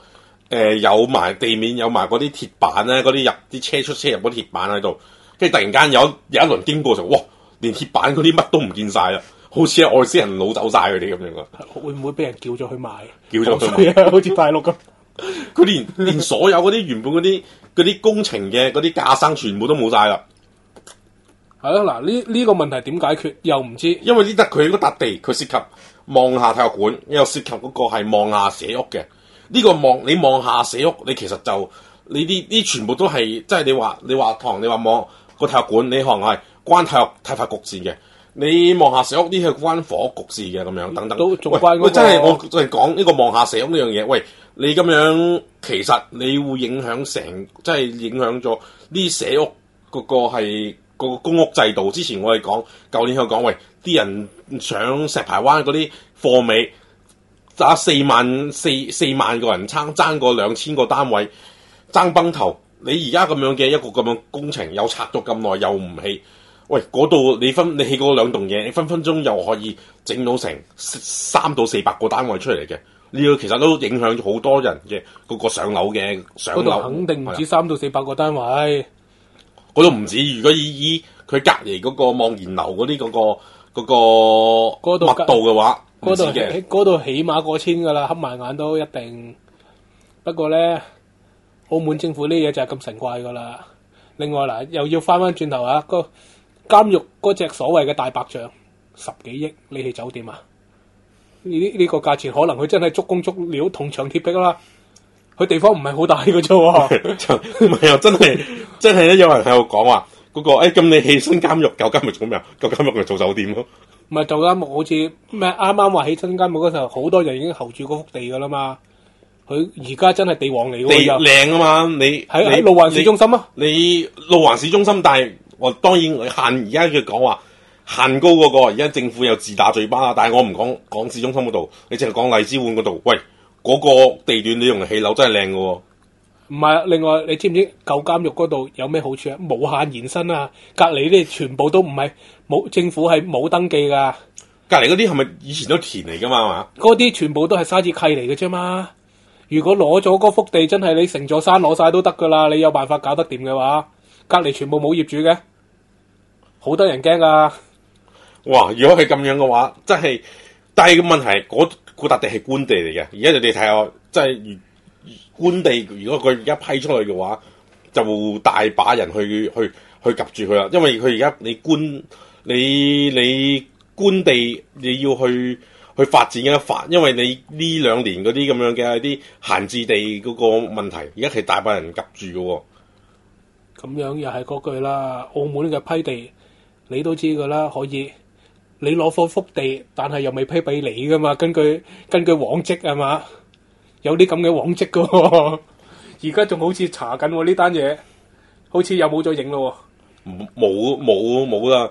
誒、呃、有埋地面有埋嗰啲鐵板咧，嗰啲入啲車出車入嗰鐵板喺度，即係突然間有有一輪經過就哇，連鐵板嗰啲乜都唔見晒啦。好似係，外星人老走晒佢哋咁樣啊！會唔會俾人叫咗去賣？叫咗去賣好似大陸咁，佢連連所有嗰啲原本嗰啲啲工程嘅嗰啲架生全部都冇晒啦！係咯，嗱呢呢個問題點解決又唔知？因為呢笪佢呢笪地，佢涉及望下體育館，又涉及嗰個係望下社屋嘅。呢、這個望你望下社屋，你其實就你啲啲全部都係，即係你話你話堂，你話望、那個體育館，你可能係關體育、體發局事嘅。你望下社屋啲，係關火局事嘅咁樣，等等。都那個、喂，真係我真係講呢個望下社屋呢樣嘢。喂，你咁樣其實你會影響成，即係影響咗啲社屋嗰個係嗰、嗰個公屋制度。之前我哋講，舊年我講喂，啲人上石排灣嗰啲貨尾打四萬四四萬個人爭爭過兩千個單位爭崩頭。你而家咁樣嘅一個咁樣工程，又拆咗咁耐，又唔起。喂，嗰度你分你起嗰兩棟嘢，你分分鐘又可以整到成三到四百個單位出嚟嘅。呢個其實都影響好多人嘅嗰個上樓嘅上樓。肯定唔止三到四百個單位，嗰度唔止。如果以以佢隔籬嗰個望賢樓嗰啲嗰個嗰、嗰個嗰個密度嘅話，嗰度嘅嗰度起碼過千噶啦，黑埋眼都一定。不過咧，澳門政府呢嘢就係咁神怪噶啦。另外嗱，又要翻翻轉頭啊，嗰個嗰個 監獄嗰隻所謂嘅大白象，十幾億你係酒店啊？呢呢個價錢可能佢真係足工足料銅牆鐵壁啦。佢地方唔係好大嘅啫。就唔係啊！真係真係咧，有人喺度講話嗰個誒，咁你起身監獄舊監獄咪做咩啊？舊監獄咪做酒店咯。唔係做監獄，好似咩？啱啱話起身監獄嗰時候，好多人已經候住嗰幅地噶啦嘛。佢而家真係地王嚟嘅。地靚啊嘛，你喺路環市中心啊？你路環市中心，但係。我當然限而家佢講話限高嗰個，而家政府又自打嘴巴啦。但係我唔講港市中心嗰度， 你淨係講荔枝碗嗰度。喂，嗰個地段你用起樓真係靚嘅喎。唔係，另外你知唔知舊監獄嗰度有咩好處啊？無限延伸啊！隔離啲全部都唔係冇政府係冇登記㗎。隔離嗰啲係咪以前都填嚟㗎嘛？嘛？嗰啲全部都係沙子契嚟嘅啫嘛。如果攞咗嗰幅地，真係你成座山攞晒都得㗎啦。你有辦法搞得掂嘅話，隔離全部冇業主嘅。好多人驚啊！哇！如果係咁樣嘅話，真係，但係個問題，嗰古笪地係官地嚟嘅。而家你哋睇下，真係官地，如果佢而家批出去嘅話，就大把人去去去監住佢啦。因為佢而家你官你你官地你要去去發展嘅法，因為你呢兩年嗰啲咁樣嘅啲閒置地嗰個問題，而家係大把人監住嘅。咁樣又係嗰句啦，澳門嘅批地。你都知噶啦，可以你攞塊幅地，但係又未批俾你噶嘛？根據根據往績係嘛，有啲咁嘅往績噶、哦，而家仲好似查緊呢單嘢，好似又冇咗影咯、哦。冇冇冇冇啦！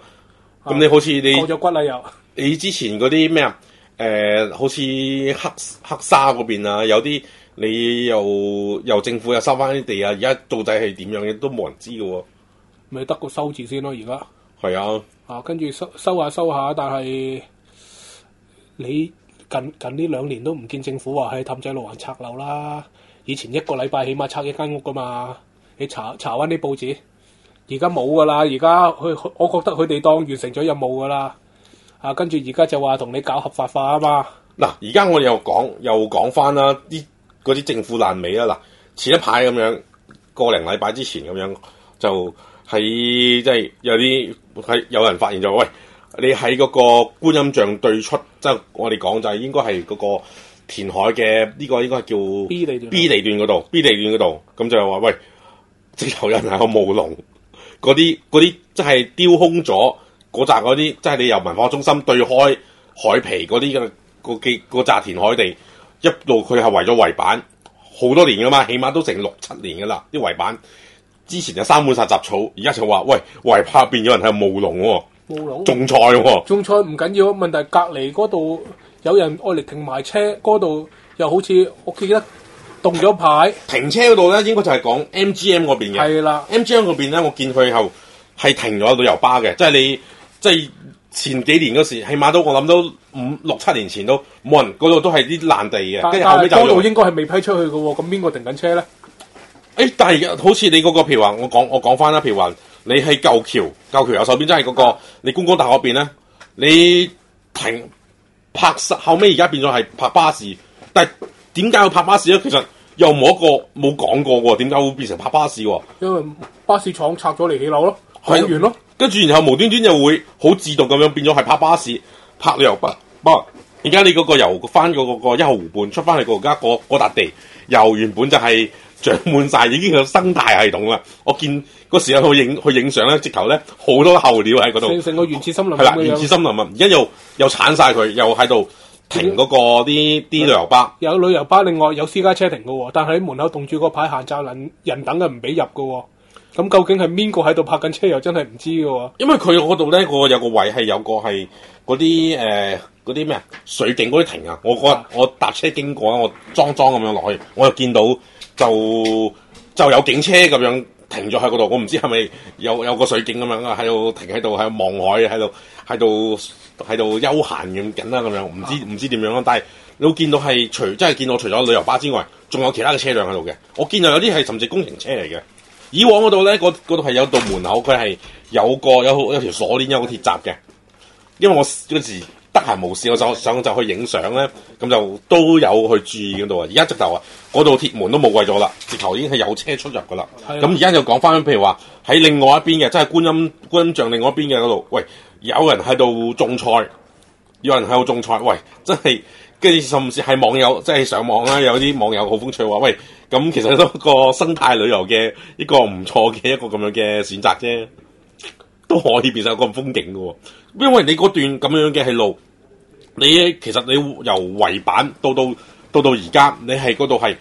咁、啊、你好似你過咗骨啦又。你之前嗰啲咩啊？誒、呃，好似黑黑沙嗰邊啊，有啲你又又政府又、啊、收翻啲地啊，而家到底係點樣嘅都冇人知噶、哦。咪得個收字先咯，而家。係啊，啊跟住收收下收下，但係你近近呢兩年都唔見政府話係氹仔路環拆樓啦，以前一個禮拜起碼拆一間屋噶嘛，你查查翻啲報紙，而家冇噶啦，而家佢我覺得佢哋當完成咗任務噶啦，啊跟住而家就話同你搞合法化啊嘛。嗱而家我哋又講又講翻啦，啲啲政府爛尾啦嗱，前一排咁樣，個零禮拜之前咁樣就喺即係有啲。有人發現咗，喂，你喺嗰個觀音像對出，即、就、係、是、我哋講就係應該係嗰個填海嘅呢、這個應該係叫 B 地段、B 地段嗰度、B 地段嗰度，咁就係話，喂，直頭有人喺度冒龍，嗰啲嗰啲即係雕空咗嗰扎嗰啲，即係你由文化中心對開海皮嗰啲嘅個扎填海地，一路佢係圍咗圍板好多年㗎嘛，起碼都成六七年㗎喇，啲圍板。之前有三碗殺雜草，而家就話：喂，懷怕變咗人喺度務農，務農種菜喎。種菜唔緊要，問題，隔離嗰度有人愛嚟停埋車，嗰度又好似我記得動咗牌停。停車嗰度咧，應該就係講 MGM 嗰邊嘅。係啦，MGM 嗰邊咧，我見佢後係停咗旅遊巴嘅，即係你即係前幾年嗰時，起碼都我諗都五六七年前都冇人嗰度都係啲爛地嘅但，跟住後尾就。但係嗰度應該係未批出去嘅喎，咁邊個停緊車咧？誒，但係好似你嗰個譬如話，我講我講翻啦，譬如話你喺舊橋，舊橋右手邊真係嗰個，你觀光塔嗰邊咧，你停拍實後尾而家變咗係拍巴士，但係點解要拍巴士咧？其實又冇一個冇講過喎，點解會變成拍巴士喎？因為巴士廠拆咗嚟起樓咯，拆完咯，跟住然，然後無端端又會好自動咁樣變咗係拍巴士拍旅遊不過，而家你嗰個由翻嗰個個一號湖畔出翻去個而家笪地，由原本就係。長滿晒，已經個生態系統啦。我見嗰時候去影去影相咧，直頭咧好多候鳥喺嗰度。成個原始森，我、啊、森林。係啦，原始森林啊！而家停又停那那又鏟晒佢，又喺度停嗰個啲啲旅遊巴。有旅遊巴，另外有私家車停噶，但係門口棟住個牌，限站人人等嘅，唔俾入噶。咁究竟係邊個喺度泊緊車？又真係唔知噶。因為佢嗰度咧，那個有個位係有個係嗰啲誒嗰啲咩水景嗰啲停啊！我嗰日的我，我搭車經過咧，我裝裝咁樣落去，我又見到。就就有警車咁樣停咗喺嗰度，我唔知係咪有有個水警咁樣喺度停喺度喺望海喺度喺度喺度休閒咁緊啦咁樣，唔知唔知點樣咯。但係你會見到係除真係見到除咗旅遊巴之外，仲有其他嘅車輛喺度嘅。我見到有啲係甚至工程車嚟嘅。以往嗰度咧，嗰度係有道門口，佢係有個有有條鎖鏈有個鐵閘嘅。因為我嗰時。閒冇事，我就想就去影相咧，咁就都有去注意嗰度啊。而家直頭啊，嗰度鐵門都冇衛咗啦，直頭已經係有車出入噶啦。咁而家就講翻，譬如話喺另外一邊嘅，即係觀音觀音像另外一邊嘅嗰度，喂，有人喺度種菜，有人喺度種菜，喂，真係跟住，甚至係網友，即係上網啦，有啲網友好風趣話，喂，咁其實都個生態旅遊嘅一個唔錯嘅一個咁樣嘅選擇啫，都可以變成一個風景噶，因為你嗰段咁樣嘅係路。你其實你由圍板到到到到而家，你喺嗰度係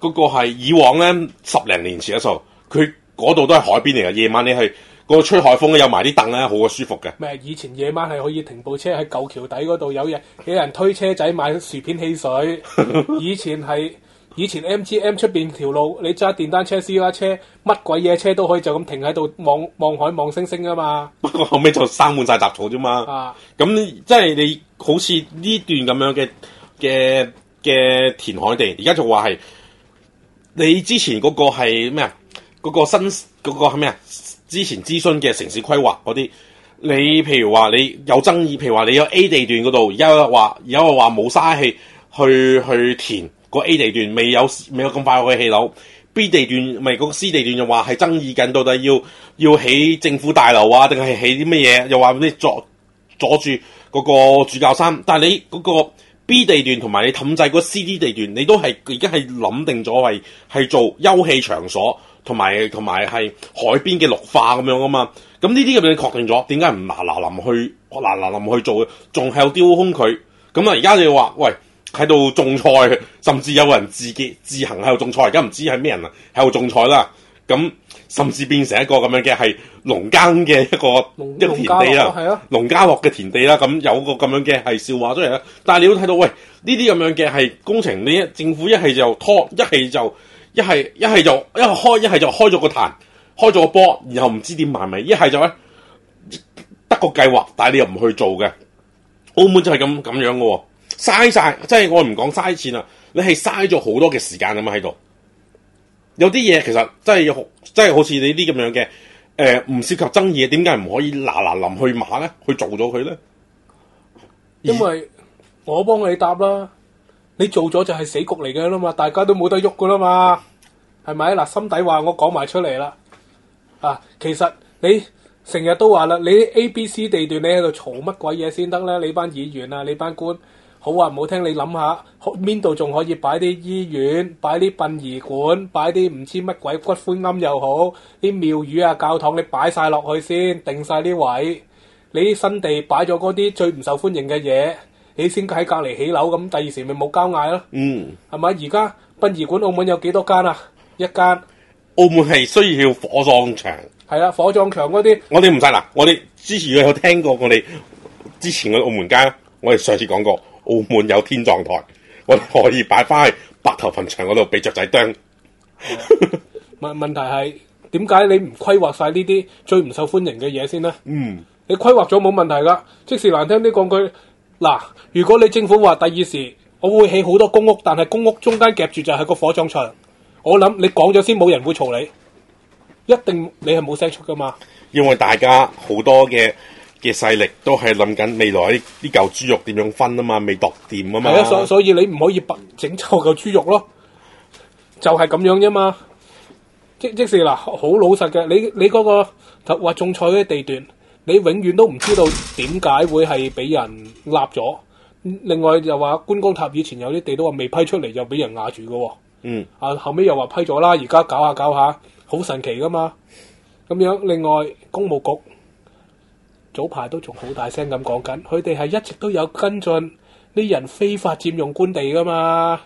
嗰個係以往咧十零年前嘅時候，佢嗰度都係海邊嚟嘅。夜晚你喺個吹海風咧，有埋啲凳咧，好鬼舒服嘅。咪以前夜晚係可以停部車喺舊橋底嗰度，有人有人推車仔買薯片汽水。 以前係。以前 M G M 出邊條路，你揸電單車、私家車乜鬼嘢車都可以就咁停喺度望望海望星星㗎嘛。不過 後尾就生滿晒雜草啫嘛。咁、啊、即係你好似呢段咁樣嘅嘅嘅填海地，而家就話係你之前嗰個係咩啊？嗰、嗰個新嗰、嗰個係咩啊？之前諮詢嘅城市規劃嗰啲，你譬如話你有爭議，譬如話你有 A 地段嗰度，而家話而家話冇嘥氣去去，去填。個 A 地段未有未有咁快去起樓，B 地段咪嗰個 C 地段就話係爭議緊，到底要要起政府大樓啊，定係起啲乜嘢？又話畀你阻阻住嗰個主教山。但係你嗰個 B 地段同埋你氹制嗰 C D 地段，你都係而家係諗定咗係係做休憩場所，同埋同埋係海邊嘅綠化咁樣噶嘛？咁呢啲咁你確定咗，點解唔嗱嗱臨去嗱嗱臨去做嘅？仲係有雕空佢？咁啊，而家就話喂。喺度種菜，甚至有人自己自行喺度種菜。而家唔知係咩人啊，喺度種菜啦。咁甚至變成一個咁樣嘅係農耕嘅一個農一個田地啦，農家樂嘅、啊、田地啦。咁有個咁樣嘅係笑話出嚟啦。但係你都睇到，喂呢啲咁樣嘅係工程，你政府一係就拖，一係就一係一係就一開，一係就開咗個壇，開咗個波，然後唔知點埋尾，一係就咧得個計劃，但係你又唔去做嘅。澳門就係咁咁樣嘅喎。嘥晒，即係我唔講嘥錢啦。你係嘥咗好多嘅時間咁啊喺度。有啲嘢其實真係，真係好似你啲咁樣嘅誒，唔、呃、涉及爭議，點解唔可以嗱嗱臨去馬咧去做咗佢咧？因為我幫你答啦，你做咗就係死局嚟嘅啦嘛，大家都冇得喐噶啦嘛，係咪？嗱心底話我講埋出嚟啦啊？其實你成日都話啦，你 A、B、C 地段你喺度嘈乜鬼嘢先得咧？你班議員啊，你班官。好話唔好聽，你諗下，邊度仲可以擺啲醫院，擺啲殯儀館，擺啲唔知乜鬼骨灰庵又好，啲廟宇啊、教堂，你擺晒落去先，定晒啲位。你啲新地擺咗嗰啲最唔受歡迎嘅嘢，你先喺隔離起樓，咁第二時咪冇交嗌咯。嗯，係咪？而家殯儀館澳門有幾多間啊？一間。澳門係需要火葬場。係啊，火葬場嗰啲，我哋唔使嗱，我哋之前有聽過我哋之前嘅澳門街，我哋上次講過。澳門有天葬台，我可以擺翻去白頭墳場嗰度俾雀仔啄。問、啊、 問題係點解你唔規劃晒呢啲最唔受歡迎嘅嘢先咧？嗯，你規劃咗冇問題噶，即使難聽啲講句，嗱，如果你政府話第二時我會起好多公屋，但係公屋中間夾住就係個火葬場，我諗你講咗先冇人會嘈你，一定你係冇聲出噶嘛？因為大家好多嘅。嘅勢力都係諗緊未來啲啲嚿豬肉點樣分啊嘛，未度掂啊嘛。係啊，所所以你唔可以白整錯嚿豬肉咯，就係咁樣啫嘛。即即是嗱，好老實嘅，你你嗰個話種菜嗰啲地段，你永遠都唔知道點解會係俾人立咗。另外又話觀光塔以前有啲地都話未批出嚟，就俾人壓住㗎喎。嗯。啊，後尾又話批咗啦，而家搞下搞下，好神奇噶嘛。咁樣另外公務局。早排都仲好大聲咁講緊，佢哋係一直都有跟進呢人非法佔用官地噶嘛，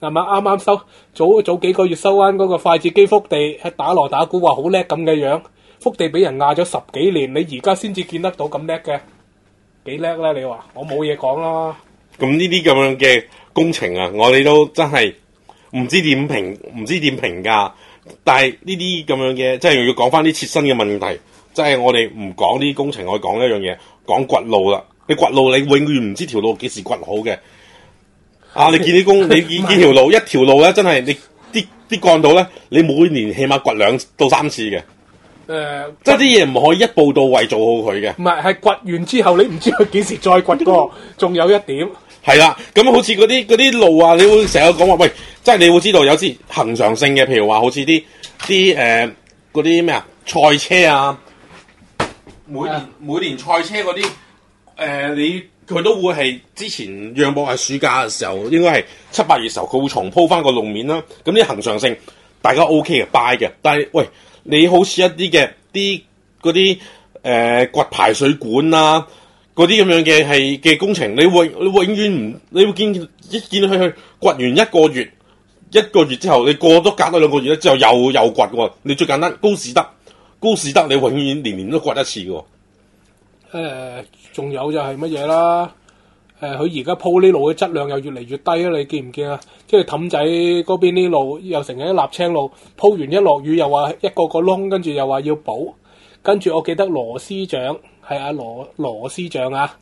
係嘛。啱啱收早早幾個月收翻嗰個筷子基福地，打鑼打鼓話好叻咁嘅樣，福地俾人壓咗十幾年，你而家先至見得到咁叻嘅，幾叻咧？你話我冇嘢講啦。咁呢啲咁樣嘅工程啊，我哋都真係唔知點評，唔知點評價。但係呢啲咁樣嘅，即係要講翻啲切身嘅問題。即係我哋唔講呢啲工程，我講一樣嘢，講掘路啦。你掘路，你永遠唔知條路幾時掘好嘅。啊，你見啲工，你見見條路，一條路咧，真係你啲啲幹道咧，你每年起碼掘兩到三次嘅。誒，即係啲嘢唔可以一步到位做好佢嘅。唔係，係掘完之後，你唔知佢幾時再掘過。仲有一點，係啦，咁好似嗰啲嗰啲路啊，你會成日講話喂，即係你會知道有啲恆常性嘅，譬如話好似啲啲誒嗰啲咩啊賽車啊。每年每年賽車嗰啲，誒、呃、你佢都會係之前讓步喺暑假嘅時候，應該係七八月時候，佢會重鋪翻個路面啦。咁啲恒常性大家 OK 嘅，buy 嘅。但係喂，你好似一啲嘅啲嗰啲誒掘排水管啊，嗰啲咁樣嘅係嘅工程，你永你永遠唔，你會見一見佢去掘完一個月，一個月之後你過咗隔多兩個月咧之後又又掘喎。你最簡單高士德。高士德你永遠年年都掘一次嘅，誒、呃，仲有就係乜嘢啦？誒、呃，佢而家鋪呢路嘅質量又越嚟越低啦，你見唔見啊？即係氹仔嗰邊啲路又成日係瀝青路，鋪完一落雨又話一個個窿，跟住又話要補，跟住我記得羅司長係阿羅羅司長啊，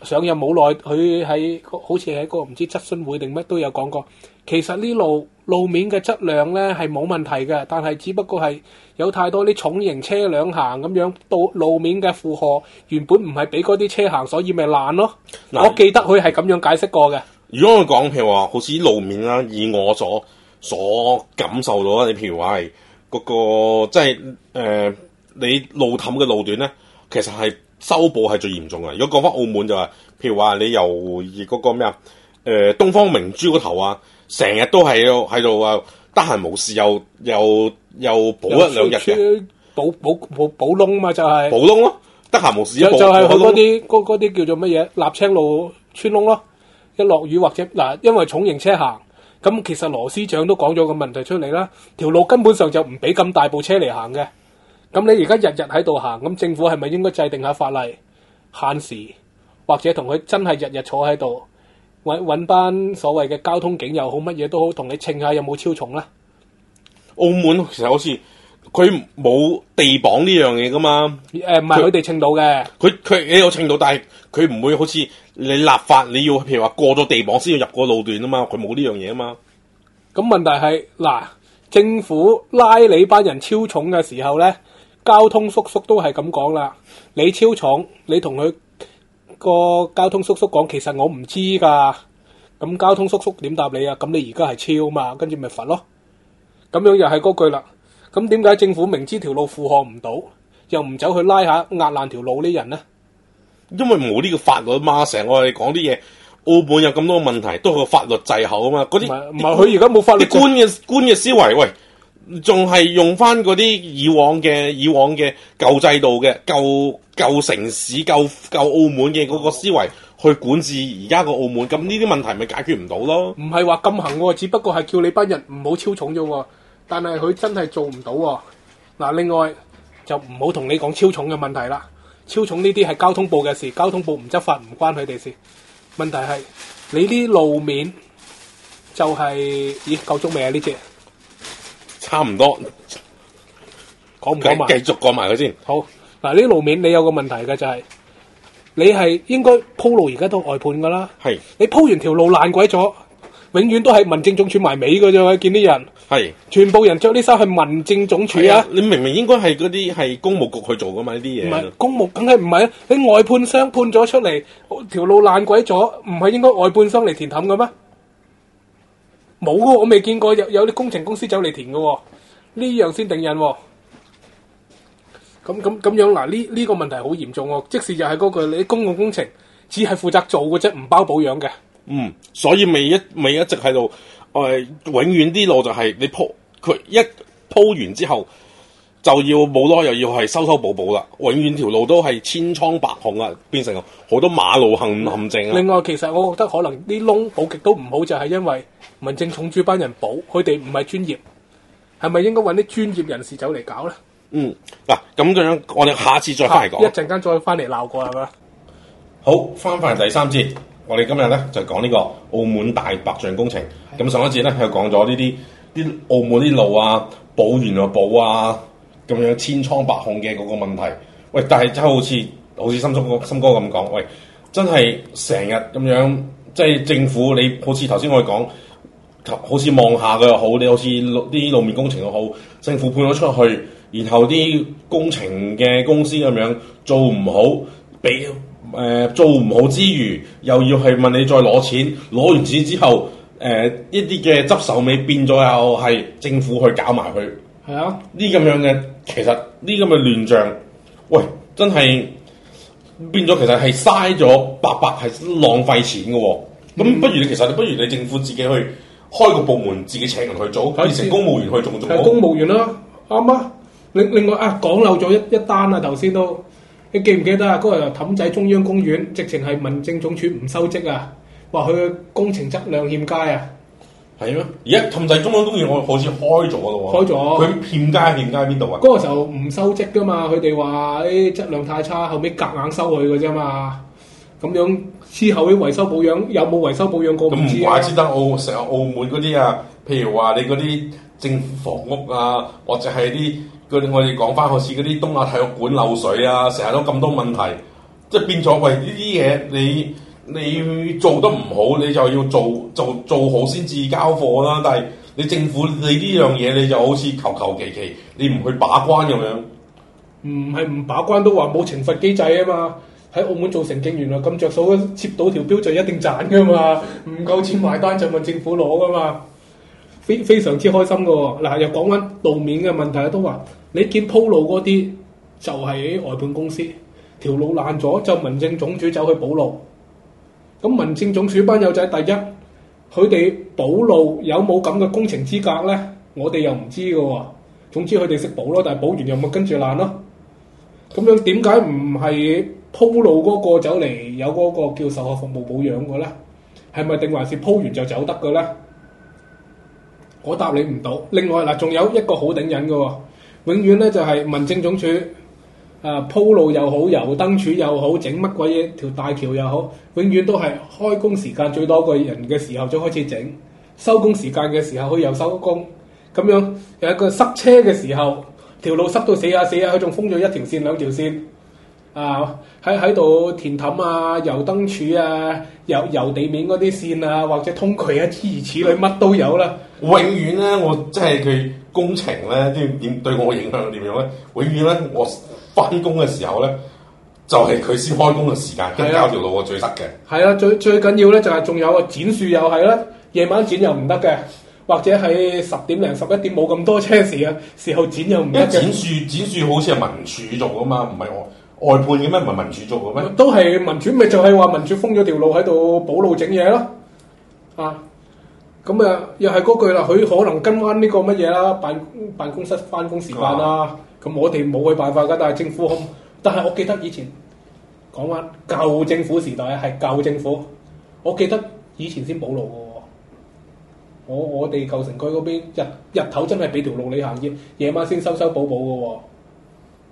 上任冇耐佢喺好似喺、嗰個唔知質詢會定乜都有講過。其實呢路路面嘅質量咧係冇問題嘅，但係只不過係有太多啲重型車輛行咁樣，到路面嘅負荷原本唔係俾嗰啲車行，所以咪爛咯。嗱我記得佢係咁樣解釋過嘅。如果我講譬如話，好似路面啦，以我所所感受到啦、那個呃，你譬如話係嗰個即係誒你路氹嘅路段咧，其實係修補係最嚴重嘅。如果講翻澳門就係，譬如話你由嗰、那個咩啊誒東方明珠嗰頭啊。成日都係喺度話，得閒無事又又又補一兩日嘅，補補補補窿嘛就係補窿咯，得閒、啊、無事就就係佢嗰啲嗰啲叫做乜嘢瀝青路穿窿咯，一落雨或者嗱、啊，因為重型車行，咁其實羅司長都講咗個問題出嚟啦，條路根本上就唔俾咁大部車嚟行嘅，咁你而家日日喺度行，咁政府係咪應該制定下法例限時，或者同佢真係日日坐喺度？揾揾班所謂嘅交通警又好，乜嘢都好，同你稱下有冇超重呢。澳門其實好似佢冇地磅呢樣嘢㗎嘛，誒唔係佢哋稱到嘅，佢佢有稱到，但係佢唔會好似你立法你要譬如話過咗地磅先要入個路段啊嘛，佢冇呢樣嘢啊嘛。咁、嗯、問題係嗱，政府拉你班人超重嘅時候咧，交通叔叔都係咁講啦，你超重，你同佢。個交通叔叔講，其實我唔知噶，咁交通叔叔點答你啊？咁你而家係超嘛？跟住咪罰咯。咁樣又係嗰句啦。咁點解政府明知條路負荷唔到，又唔走去拉下壓爛條路呢人呢？因為冇呢個法律嘛，成日我哋講啲嘢，澳門有咁多問題都係個法律滯後啊嘛。嗰啲唔係佢而家冇法律，你官嘅官嘅思維喂。仲係用翻嗰啲以往嘅、以往嘅舊制度嘅舊、舊城市舊、舊澳門嘅嗰個思維去管治而家個澳門，咁呢啲問題咪解決唔到咯？唔係話禁行，只不過係叫你班人唔好超重啫。但係佢真係做唔到。嗱、啊，另外就唔好同你講超重嘅問題啦。超重呢啲係交通部嘅事，交通部唔執法唔關佢哋事。問題係你啲路面就係、是、咦夠足未啊呢隻？差唔多，講唔講埋？繼續講埋佢先。好，嗱，呢路面你有個問題嘅就係、是，你係應該鋪路而家都外判噶啦。係是，你鋪完條路爛鬼咗，永遠都係民政總署埋尾噶啫。見啲人，係是，全部人着呢衫係民政總署啊。啊你明明應該係嗰啲係公務局去做噶嘛？呢啲嘢，唔係公務，梗係唔係啦。你外判商判咗出嚟，條路爛鬼咗，唔係應該外判商嚟填氹噶咩？冇喎，我未見過有有啲工程公司走嚟填嘅喎、哦，呢、哦、樣先定印喎。咁咁咁樣嗱，呢、這、呢個問題好嚴重喎、哦。即使又係嗰個嗰句，你公共工程，只係負責做嘅啫，唔包保養嘅。嗯，所以未一未一直喺度誒，永遠啲路就係你鋪佢一鋪完之後。就要冇咯，又要係修修補補啦，永遠條路都係千瘡百孔啊，變成好多馬路陷陷阱、啊、另外，其實我覺得可能啲窿補極都唔好，就係、是、因為民政重注民政總署班人補，佢哋唔係專業，係咪應該揾啲專業人士走嚟搞咧？嗯，嗱、啊，咁嘅樣我哋下次再翻嚟講，一陣間再翻嚟鬧過係咪啊？是是好，翻翻嚟第三節，我哋今日咧就講呢個澳門大白象工程。咁上一節咧又講咗呢啲啲澳門啲路啊，補完、嗯、啊、補啊。咁樣千瘡百孔嘅嗰個問題，喂！但係真係好似好似心叔個森哥咁講，喂！真係成日咁樣，即係政府你好似頭先我哋講，好似望下佢又好，你好似啲路面工程又好，政府判咗出去，然後啲工程嘅公司咁樣做唔好，俾誒、呃、做唔好之餘，又要係問你再攞錢，攞完錢之後，誒、呃、一啲嘅執手尾變咗又係政府去搞埋佢。係啊，呢咁樣嘅。其實呢咁嘅亂象，喂，真係變咗，其實係嘥咗白白係浪費錢嘅喎、啊。咁、嗯、不如你其實，不如你政府自己去開個部門，自己請人去做，變、嗯、成公務員去做。仲、嗯、好公務員啦，啱啊。另另外啊，講漏咗一一單啊，頭先都你記唔記得啊？嗰日氹仔中央公園直情係民政總署唔收職啊，話佢嘅工程質量欠佳啊。係咩？而家氹仔中央公園我好似開咗咯喎，開咗了。佢片街片街喺邊度啊？嗰個時候唔收積噶嘛，佢哋話啲質量太差，後尾夾硬收佢嘅啫嘛。咁樣之後啲維修保養，有冇維修保養過唔咁唔怪之得澳成日澳門嗰啲啊，譬如話你嗰啲政府房屋啊，或者係啲啲我哋講翻，好似嗰啲東亞體育館漏水啊，成日都咁多問題，即係變咗為呢啲嘢你。你做得唔好，你就要做做做好先至交貨啦。但係你政府你呢樣嘢，你就好似求求其其，你唔去把關咁、嗯、樣。唔係唔把關都話冇懲罰機制啊嘛！喺澳門做成證員啦，咁著數，切到條標就一定賺噶嘛。唔夠錢埋單就問政府攞噶嘛。非非常之開心噶喎！嗱、啊，又講緊路面嘅問題都話你見鋪路嗰啲就係、是、外判公司，條路爛咗就民政總署走去補路。咁民政總署班友仔，第一佢哋補路有冇咁嘅工程資格咧？我哋又唔知嘅。總之佢哋識補咯，但係補完又冇跟住爛咯。咁樣點解唔係鋪路嗰個走嚟，有嗰個叫售後服務保養嘅咧？係咪定還是鋪完就走得嘅咧？我答你唔到。另外嗱，仲有一個好頂癮嘅，永遠咧就係民政總署。啊！鋪路又好，油燈柱又好，整乜鬼嘢條大橋又好，永遠都係開工時間最多個人嘅時候就開始整，收工時間嘅時候佢又收工咁樣。有一個塞車嘅時候，條路塞到死下、啊、死下、啊，佢仲封咗一條線兩條線啊！喺喺度填氹啊，油燈柱啊，油油地面嗰啲線啊，或者通渠啊，諸如此類乜都有啦。永遠呢，我真係佢工程呢，啲點對我影響點樣呢？永遠呢，我。翻工嘅時候咧，就係佢先開工嘅時間，跟條、啊、路啊最得嘅。係啊，最最緊要咧就係仲有啊，剪樹又係啦，夜晚剪又唔得嘅，或者喺十點零十一點冇咁多車時啊時候剪又唔得嘅。剪樹剪樹好似係民署做噶嘛，唔係外外判嘅咩？唔係民署做嘅咩？都係民署咪就係、是、話民署封咗條路喺度補路整嘢咯。啊，咁啊，又係嗰句啦，佢可能跟翻呢個乜嘢啦，辦辦公室翻工時間啦。啊咁我哋冇去辦法噶，但係政府，但係我記得以前講返舊政府時代啊，係舊政府，我記得以前先保路嘅喎。我我哋舊城區嗰邊日日頭真係俾條路你行嘅，夜晚先修修補補嘅喎。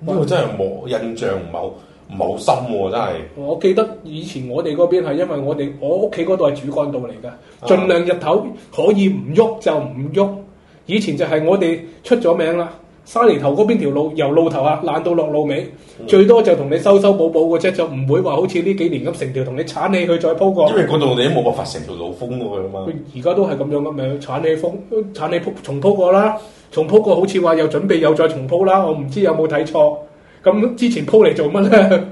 呢個，真係冇印象，唔好唔好深喎，真係。我記得以前我哋嗰邊係因為我哋我屋企嗰度係主幹道嚟嘅，儘量日頭可以唔喐就唔喐。啊，以前就係我哋出咗名啦。沙梨頭嗰邊條路由路頭啊爛到落路尾，嗯、最多就同你修修補補嘅啫，就唔會話好似呢幾年咁成條同你鏟起去再鋪過。因為嗰度你都冇辦法成條路封咗佢啊嘛。佢而家都係咁樣嘅，咪鏟起封，鏟起鋪重鋪過啦，重鋪過好似話又準備又再重鋪啦，我唔知有冇睇錯。咁之前鋪嚟做乜咧？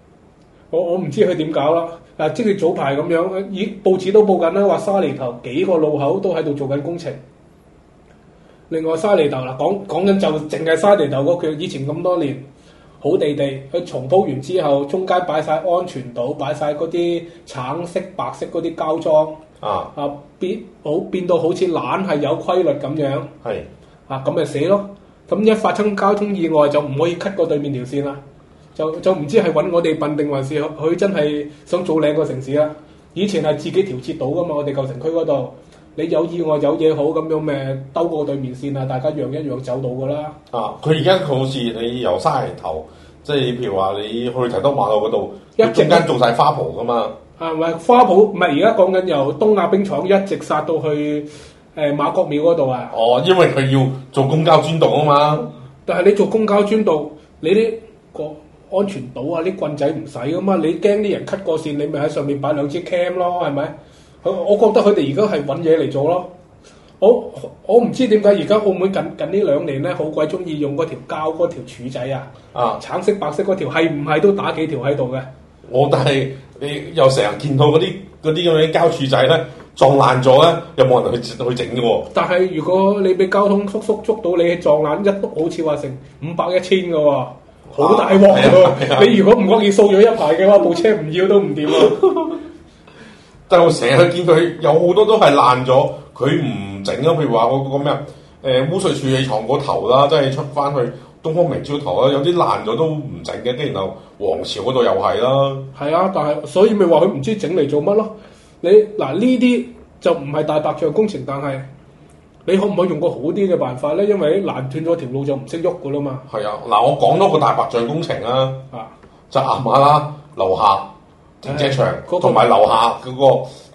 我我唔知佢點搞啦。嗱，即係早排咁樣，依報紙都報緊啦，話沙梨頭幾個路口都喺度做緊工程。另外沙梨頭啦、啊，講講緊就淨係沙梨頭嗰個，佢以前咁多年好地地，佢重鋪完之後，中間擺晒安全島，擺晒嗰啲橙色、白色嗰啲膠裝，啊啊變好變到好似懶係有規律咁樣，係是啊咁咪死咯！咁、嗯、一發生交通意外就唔可以 cut 過對面條線啦，就就唔知係揾我哋笨定還是佢真係想做兩個城市啊！以前係自己調節到噶嘛，我哋舊城區嗰度。你有意外有嘢好咁樣咪兜過對面線啊！大家讓一讓走到噶啦。啊，佢而家好似你由沙梨頭，即係譬如話你去提督馬路嗰度，一陣直間做晒花圃噶嘛。啊，咪花圃唔係而家講緊由東亞冰廠一直殺到去誒、呃、馬國廟嗰度啊。哦，因為佢要做公交專道啊嘛。嗯、但係你做公交專道，你啲個安全島啊，啲棍仔唔使噶嘛。你驚啲人 cut 過線，你咪喺上面擺兩支 cam 咯，係咪？我覺得佢哋而家係揾嘢嚟做咯，我我唔知點解而家澳門近近呢兩年咧，好鬼中意用嗰條膠嗰條柱仔啊！啊，橙色白色嗰條係唔係都打幾條喺度嘅？我但係你又成日見到嗰啲啲咁嘅膠柱仔咧撞爛咗咧，又冇人去去整嘅喎。但係如果你俾交通叔叔捉到你撞爛一碌，好似話成五百一千㗎喎，好大鑊！啊啊啊啊、你如果唔好意掃咗一排嘅話，部車唔要都唔掂啊！但係我成日都見佢有好多都係爛咗，佢唔整咯。譬如話嗰個咩誒污水處理廠個頭啦，即係出翻去東方明珠頭啦，有啲爛咗都唔整嘅。跟住然後皇朝嗰度又係啦。係啊，但係所以咪話佢唔知整嚟做乜咯？你嗱呢啲就唔係大白象工程，但係你可唔可以用個好啲嘅辦法咧？因為爛斷咗條路就唔識喐噶啦嘛。係啊，嗱我講多個大白象工程啊，啊就亞馬啦，嗯、樓下。停車場同埋樓下嗰、嗰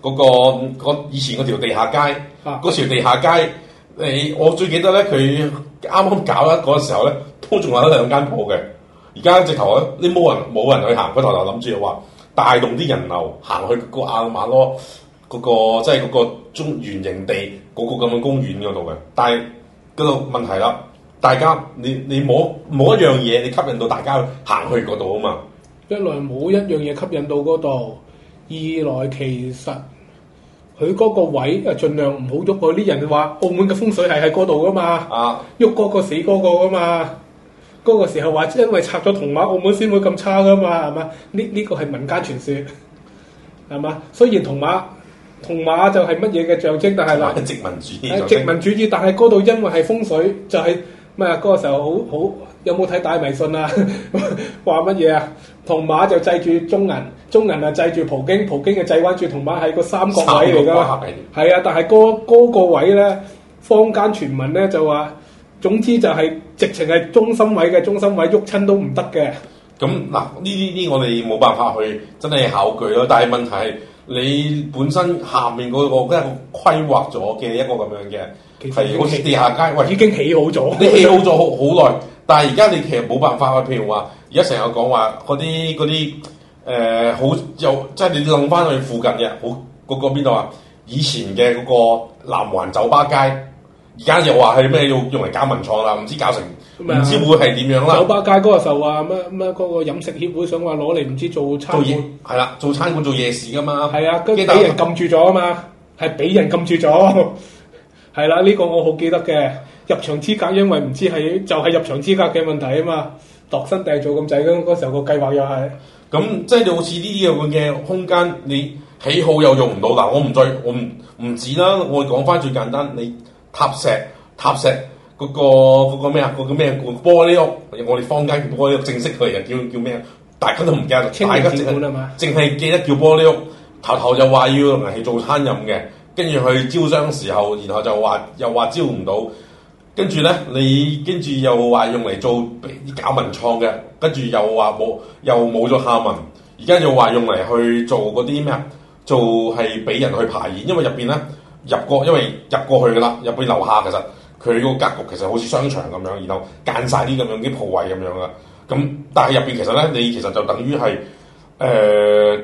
個嗰個嗰個以前嗰條地下街，嗰、啊、條地下街你我最記得咧，佢啱啱搞一嗰時候咧，都仲有得兩間鋪嘅。而家直頭咧，你冇人冇人去行。佢頭頭諗住話，帶動啲人流行去個亞馬喇嗰、嗰個即係嗰個中圓形地嗰、嗰個咁樣公園嗰度嘅。但係嗰、嗰個問題啦，大家你你冇冇一樣嘢，你吸引到大家行去嗰度啊嘛？一來冇一樣嘢吸引到嗰度，二來其實佢嗰個位盡啊，儘量唔好喐佢。啲人話澳門嘅風水係喺嗰度噶嘛，喐嗰個死嗰個噶嘛。嗰個時候話因為拆咗銅馬，澳門先會咁差噶嘛，係嘛？呢呢個係民間傳説係嘛？雖然銅馬銅馬就係乜嘢嘅象徵，但係嗱，殖民主義，殖民主義，但係嗰度因為係風水，就係咩嗰個時候好好。有冇睇大迷信啊？話乜嘢啊？銅馬就制住中銀，中銀啊制住葡京，葡京啊制翻住銅馬喺個三角位嚟㗎。係啊，但係嗰個位咧，坊間傳聞咧就話，總之就係、是、直情係中心位嘅，中心位喐親都唔得嘅。咁嗱、嗯，呢啲啲我哋冇辦法去真係考據咯。但係問題你本身下面嗰個即係規劃咗嘅一個咁樣嘅，係好似地下街，喂，已經起好咗，你起好咗好好耐，但係而家你其實冇辦法，譬如話，而家成日講話嗰啲嗰啲誒好又即係你弄翻去附近嘅，好嗰個邊度啊？以前嘅嗰個南環酒吧街，而家又話係咩要用嚟搞文創啦？唔知搞成。唔知會係點樣啦？酒吧街嗰個時候話咩咩嗰個飲食協會想話攞嚟唔知做餐？做啦，做餐館做，做，做夜市噶嘛？係啊，跟住俾人禁住咗啊嘛，係俾人禁住咗。係 啦、啊，呢、這個我好記得嘅入場資格，因為唔知係就係、是、入場資格嘅問題啊嘛，度身訂造咁滯啦。嗰時候個計劃又係咁、嗯，即係你好似呢啲嘅空間，你起好又用唔到嗱，我唔追，我唔唔止啦，我講翻最簡單，你塔石塔石。嗰個咩啊？嗰、那個嗰個咩？個玻璃屋，我哋坊間叫玻璃屋，正式佢又叫叫咩？大家都唔記得，大家淨係淨係記得叫玻璃屋。頭頭就話要用嚟做餐飲嘅，跟住去招商時候，然後就話又話招唔到，跟住咧，你跟住又話用嚟做搞文創嘅，跟住又話冇又冇咗下文，而家又話用嚟去做嗰啲咩啊？做係俾人去排演，因為入邊咧入過，因為入過去噶啦，入去樓下其實。佢個格局其實好似商場咁樣，然後間晒啲咁樣啲鋪位咁樣啦。咁但係入邊其實咧，你其實就等於係誒、呃，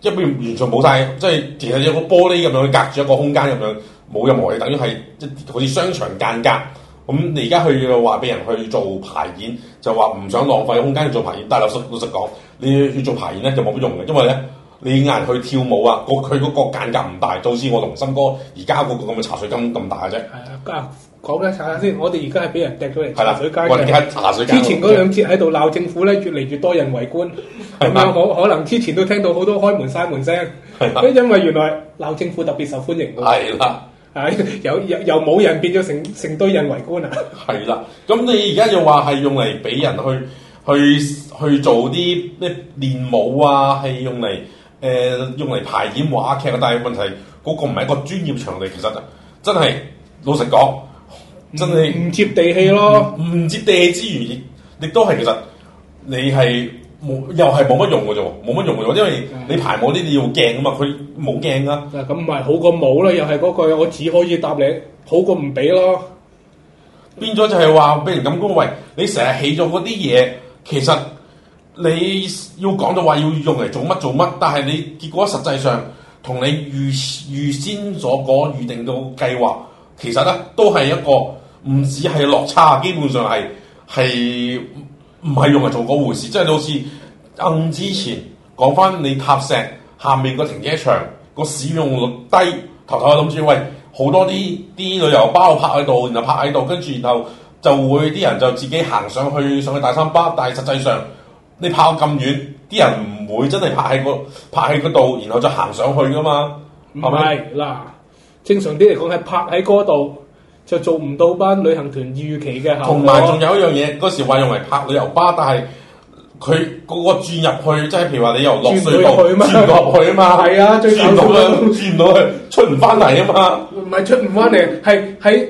一邊完全冇晒，即係其實有個玻璃咁樣去隔住一個空間咁樣，冇任何嘢，等於係好似商場間隔。咁你而家去話俾人去做排演，就話唔想浪費空間去做排演。但係老實老實講，你要去做排演咧就冇乜用嘅，因為咧你嗌人去跳舞啊，個佢嗰個間隔唔大，導致我同森哥而家嗰個咁嘅茶水間咁大嘅啫。係啊，講啦，查下先。我哋而家係俾人掟咗嚟茶水街，我哋茶水街之前嗰兩節喺度鬧政府咧，越嚟越多人圍觀。咁樣可可能之前都聽到好多開門閂門聲。係，因為原來鬧政府特別受歡迎。係啦係，係由由由冇人變咗成成堆人圍觀啊！係啦，咁你而家又話係用嚟俾人去去去做啲咩練舞啊？係用嚟誒、呃、用嚟排演話劇啊！但係問題嗰、嗰個唔係一個專業場地，其實就真係老實講。真係唔接地氣咯，唔接地氣之餘，亦亦都係其實你係冇，又係冇乜用嘅啫喎，冇乜用嘅啫喎，因為你排網啲你要鏡啊嘛，佢冇鏡啊。咁咪、嗯、好過冇啦，又係嗰句我只可以答你，好過唔俾咯。變咗就係話俾人咁講，喂，你成日起咗嗰啲嘢，其實你要講到話要用嚟做乜做乜，但係你結果實際上同你預預先所講預定到計劃，其實咧都係一個。唔止係落差，基本上係係唔係用嚟做嗰回事，即係好似啱之前講翻你塔石下面個停車場個使用率低，頭頭諗住喂好多啲啲旅遊包泊喺度，然後泊喺度，跟住然後就會啲人就自己行上去上去大三巴，但係實際上你泊咁遠，啲人唔會真係泊喺個泊喺嗰度，然後就行上去㗎嘛，係咪是？嗱，正常啲嚟講係泊喺嗰度。就做唔到班旅行團預期嘅，同埋仲有一樣嘢。嗰時話用嚟拍旅遊巴，但係佢個個轉入去，即係譬如話你又落水隧道，轉落去啊嘛，係啊，轉唔到啊，轉唔到去，出唔翻嚟啊嘛，唔係出唔翻嚟，係喺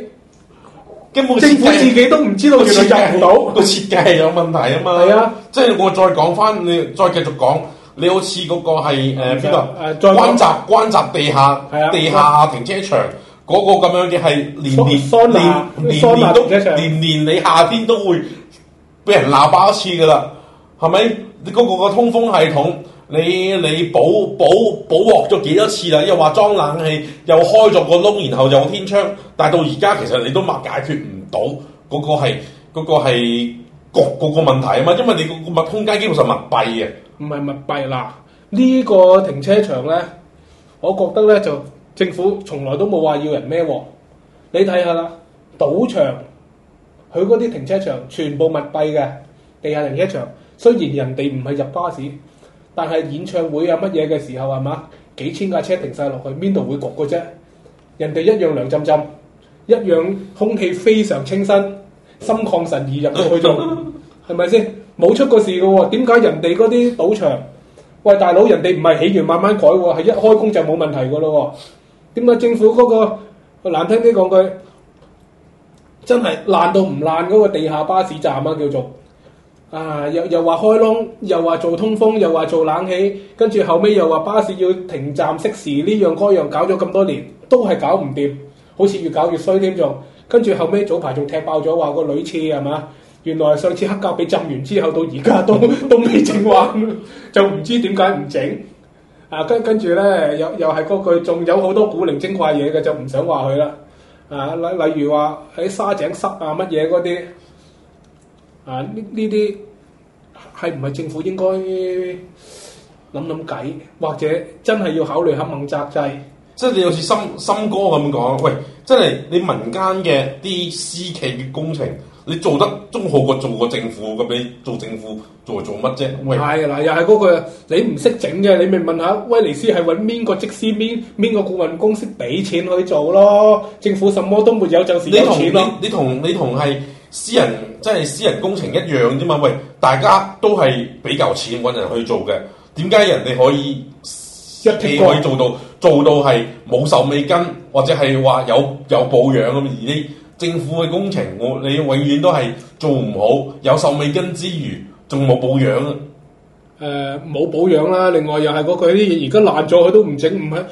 根本政府自己都唔知道原來入唔到，個設計係有問題啊嘛，係啊，即係我再講翻，你再繼續講，你好似嗰個係，誒邊個？誒，關閘關閘地下，地下停車場。嗰個咁樣嘅係年年年年年都年年你夏天都會俾人鬧爆一次㗎喇，係咪？你嗰個個通風系統，你你補補補鑊咗幾多次啦？又話裝冷氣，又開咗個窿，然後又天窗，但到而家其實你都冇解決唔到嗰個係嗰個係各個問題啊嘛，因為你個個密空間基本上密閉嘅。唔係密閉喇，呢個停車場咧，我覺得咧就。政府從來都冇話要人孭鑊，你睇下啦，賭場佢嗰啲停車場全部密閉嘅地下停車場，雖然人哋唔係入巴士，但係演唱會啊乜嘢嘅時候係嘛，幾千架車停晒落去，邊度會焗嘅啫？人哋一樣涼浸浸，一樣空氣非常清新，心曠神怡入到去度，係咪先？冇出過事㗎喎，點解人哋嗰啲賭場？喂，大佬，人哋唔係起完慢慢改喎，係一開工就冇問題㗎咯喎。點解政府嗰個難聽啲講句，真係爛到唔爛嗰個地下巴士站啊？叫做啊，又又話開窿，又話做通風，又話做冷氣，跟住後尾又話巴士要停站熄匙，呢樣嗰樣搞咗咁多年，都係搞唔掂，好似越搞越衰添仲。跟住後尾早排仲踢爆咗話個女廁係嘛？原來上次黑膠被浸完之後，到而家都 都未整完， 就唔知點解唔整。啊，跟跟住咧，又又係嗰句，仲有好多古靈精怪嘢嘅，就唔想話佢啦。啊，例例如話喺沙井塞啊，乜嘢嗰啲啊，呢呢啲係唔係政府應該諗諗計，或者真係要考慮下問責制？即係你有似森森哥咁講，喂，真係你民間嘅啲私企嘅工程。你做得仲好過做個政府，咁你做政府做嚟做乜啫？係嗱， 又係嗰、那個你唔識整嘅，你咪問下威尼斯係揾邊個即係邊邊個顧問公司俾錢去做咯？政府什麼都沒有，就係有錢咯，就係你同你同你同係私人，即係私人工程一樣啫嘛？喂，大家都係俾嚿錢揾人去做嘅，點解人哋可以一定可以做到做到係冇手尾金，或者係話有有保養咁而啲？政府嘅工程，我你永遠都係做唔好，有受美根之餘，仲冇保養啊！誒、呃，冇保養啦。另外又係嗰句，而家爛咗，佢都唔整。唔係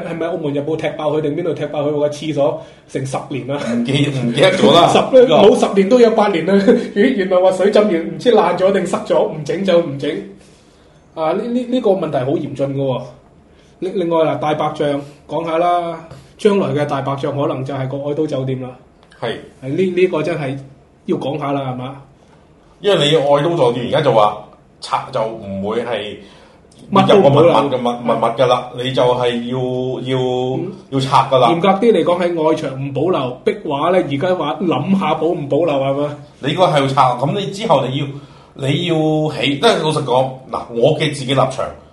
係係咪澳門日報踢爆佢定邊度踢爆佢，個廁所成十年 啦？記唔記得咗啦？冇 十年都有八年啦。原原來話水浸完，唔知爛咗定濕咗，唔整就唔整。啊！呢呢呢個問題好嚴峻嘅喎。另另外嗱，大白象講下啦，將來嘅大白象可能就係個愛都酒店啦。係，係呢呢個真係要講下啦，係嘛？因為你要愛都坐殿，而家就話拆就唔會係物物物密密密密嘅啦，是的 你就係要要、嗯、要拆噶啦。嚴格啲嚟講，喺外牆唔保留壁畫咧，而家話諗下保唔保留係嘛？你應該係要拆，咁你之後你要你要，你要起，即係老實講，嗱，我嘅自己立場，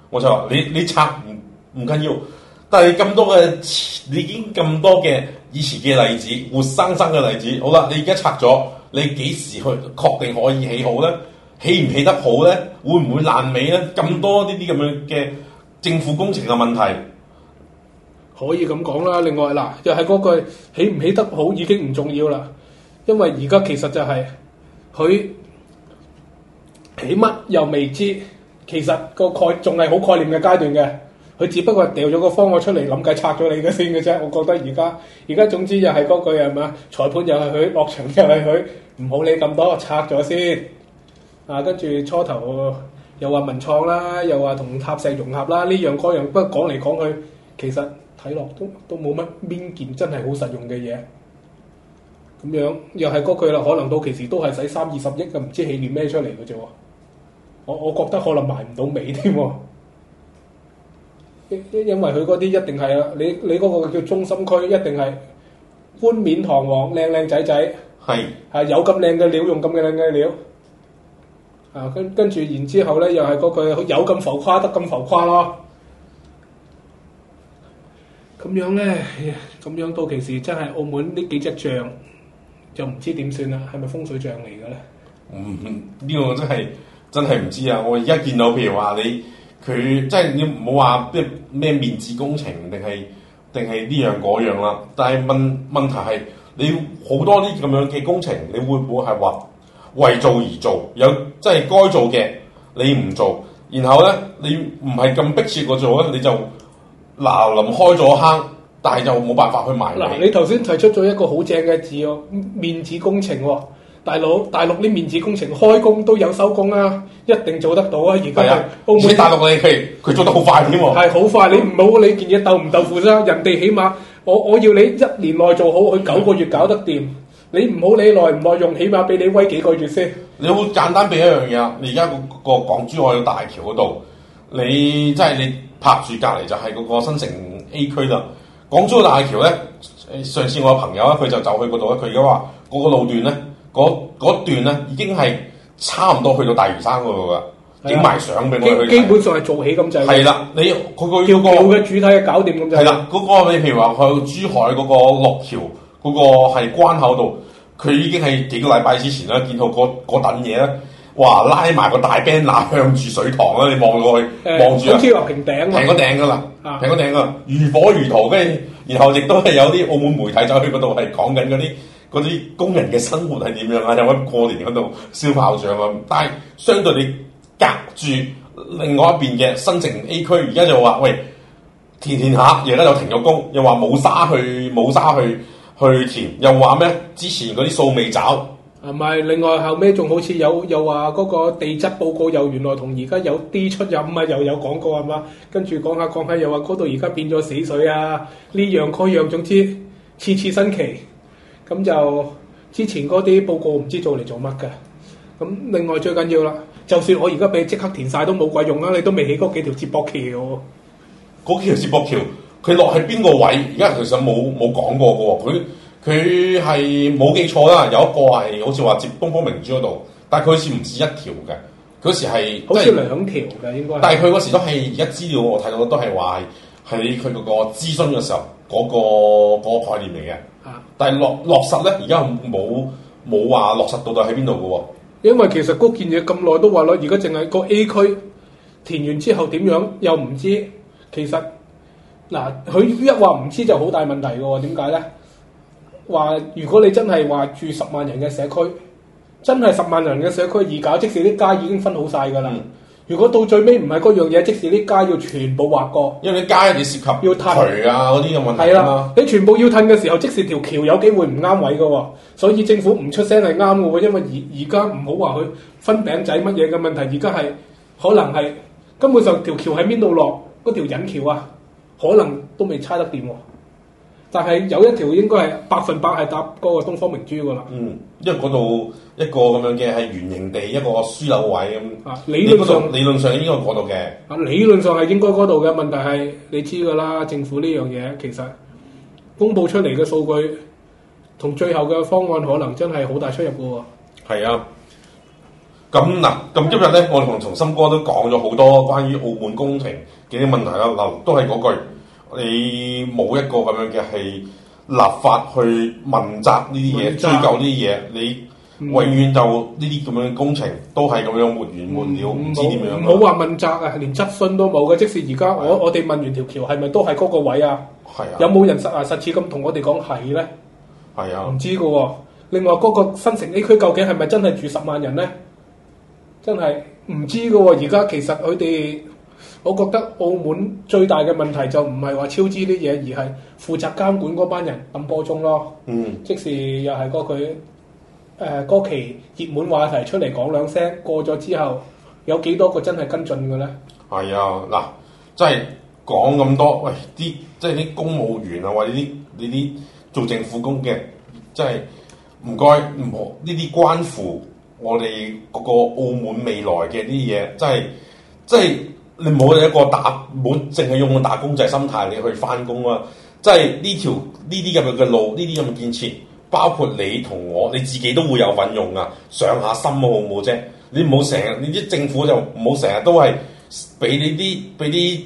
我就話你你，你拆唔唔緊要，但係咁多嘅你已經咁多嘅。以前嘅例子，活生生嘅例子，好啦，你而家拆咗，你幾時去確定可以起好咧？起唔起得好咧？會唔會爛尾咧？咁多呢啲咁樣嘅政府工程嘅問題，可以咁講啦。另外嗱，又係嗰句，起唔起得好已經唔重要啦，因為而家其實就係佢起乜又未知，其實個概念仲係好概念嘅階段嘅。佢只不過掉咗個方案出嚟，諗計拆咗你嘅先嘅啫。我覺得而家而家總之又係嗰句係咪？裁判又係佢，落場又係佢，唔好理咁多，拆咗先。啊，跟住初頭又話文創啦，又話同塔石融合啦，呢樣嗰樣，不過講嚟講去，其實睇落都都冇乜邊件真係好實用嘅嘢。咁樣又係嗰句啦，可能到其時都係使三二十億嘅，唔知起啲咩出嚟嘅啫。我我覺得可能賣唔到尾添。啊因因因為佢嗰啲一定係啊，你你嗰個叫中心區一定係冠冕堂皇、靚靚仔仔，係係有咁靚嘅料，用咁嘅靚嘅料，啊跟跟住然之後咧，又係嗰句有咁浮誇得咁浮誇咯，咁樣咧，咁樣到其時真係澳門呢幾隻象，就唔知點算啦，係咪風水象嚟嘅咧？嗯，呢個真係真係唔知啊！我一見到譬如話你。佢即係你唔好話啲咩面子工程定係定係呢樣嗰樣啦，但係問問題係你好多呢啲咁樣嘅工程，你會唔會係話為做而做？有即係該做嘅你唔做，然後咧你唔係咁逼切個做咧，你就嗱臨開咗坑，但係就冇辦法去埋。嗱，你頭先提出咗一個好正嘅字喎，面子工程喎、哦。大佬，大陸啲面子工程開工都有收工啊，一定做得到啊！而家、啊，你大陸你佢佢做得好快添、啊、喎，係好快。你唔好理件嘢鬥唔鬥付啫，人哋起碼我我要你一年內做好，佢九個月搞得掂。你唔好理耐唔耐用，起碼俾你威幾個月先。你好簡單俾一樣嘢啊！你而家個港珠澳大橋嗰度，真你真係你拍住隔離就係嗰個新城 A 區啦。港珠澳大橋咧，上次我朋友啊，佢就走去嗰度啊，佢而家話嗰個路段咧。嗰段咧，已經係差唔多去到大嶼山嗰度噶，影埋的相俾我哋去睇。基本上係做起咁滯。係啦，你佢、嗰個叫個主體嘅搞掂咁。係啦，嗰、嗰個你譬如話去珠海嗰個落橋嗰、嗰個係關口度，佢已經係幾個禮拜之前咧見到、嗰個個等嘢咧，哇！拉埋個大 banner 向住水塘啦，你望過去望住。好似話平頂，平頂啊！平個頂㗎啦，平個頂啊！如火如荼，跟住然後亦都係有啲澳門媒體走去嗰度係講緊嗰啲。嗰啲工人嘅生活係點樣啊？有喺過年嗰度燒炮仗啊？但係相對你隔住另外一邊嘅新城 A 區，而家就話喂填填下，而家又停咗工，又話冇沙去冇沙去去填，又話咩？之前嗰啲數未找，係咪？另外後尾仲好似有又話嗰個地質報告又原來同而家有啲出入啊！又有講過係嘛？跟住講下講下又話嗰度而家變咗死水啊！呢樣嗰樣，樣，總之次次新奇。咁就之前嗰啲報告唔知做嚟做乜㗎。咁另外最緊要啦，就算我而家俾你即刻填晒都冇鬼用啦，啊，你都未起嗰幾條接駁橋。嗰幾條接駁橋佢落去邊個位？而家其實冇冇講過嘅喎。佢佢係冇記錯啦，有一個係好似話接東方明珠嗰度，但係佢好似唔止一條嘅。嗰時係好似兩條嘅應該。但係佢嗰時都係而家資料我睇到都係話係喺佢嗰個諮詢嘅時候嗰個嗰個概念嚟嘅。但係落落實咧，而家冇冇話落實到底喺邊度噶？因為其實嗰件嘢咁耐都話咯，而家淨係個 A 區填完之後點樣又唔知。其實嗱，佢一話唔知就好大問題噶喎。點解咧？話如果你真係話住十萬人嘅社區，真係十萬人嘅社區而搞，即使啲街已經分好晒噶啦。嗯如果到最尾唔係嗰樣嘢，即使啲街要全部劃過，因為啲街你涉及要褪除啊啲嘅退問題啊嘛，你全部要褪嘅時候，即使條橋有機會唔啱位嘅喎，所以政府唔出聲係啱嘅喎，因為而而家唔好話佢分餅仔乜嘢嘅問題，而家係可能係根本上橋條橋喺邊度落嗰條引橋啊，可能都未猜得掂。但係有一條應該係百分百係搭嗰個東方明珠噶啦，嗯，因為嗰度一個咁樣嘅係圓形地一個樞紐位咁，啊，理論上理論上應該嗰度嘅，啊，理論上係應該嗰度嘅，問題係你知噶啦，政府呢樣嘢其實公布出嚟嘅數據同最後嘅方案可能真係好大出入噶喎，係啊，咁嗱，咁今日咧我同松森哥都講咗好多關於澳門工程嘅啲問題啦，嗱，都係嗰句。你冇一個咁樣嘅係立法去問責呢啲嘢，追究呢啲嘢，你永遠就呢啲咁樣工程都係咁樣沒完沒了，唔知點樣。冇冇話問責啊，連質詢都冇嘅。即使而家我我哋問完條橋係咪都係嗰個位啊，有冇人實牙實齒咁同我哋講係咧？係啊，唔知嘅喎。另外嗰個新城 A 區究竟係咪真係住十萬人咧？真係唔知嘅喎。而家其實佢哋。我覺得澳門最大嘅問題就唔係話超支啲嘢，而係負責監管嗰班人撳波中咯。嗯，即使又係嗰句誒嗰、呃、嗰期熱門話題出嚟講兩聲，過咗之後有幾多個真係跟進嘅咧？係啊，嗱，真係講咁多，喂，啲即係啲公務員啊，或者啲呢啲做政府工嘅，真係唔該，呢啲關乎我哋嗰個澳門未來嘅啲嘢，真係真係。你唔好一個打，唔好淨係用個打工仔心態你去翻工啊！即係呢條呢啲咁嘅路，呢啲咁嘅建設，包括你同我，你自己都會有份用啊！上下心啊，好唔好啫！你唔好成日，你啲政府就唔好成日都係俾你啲俾啲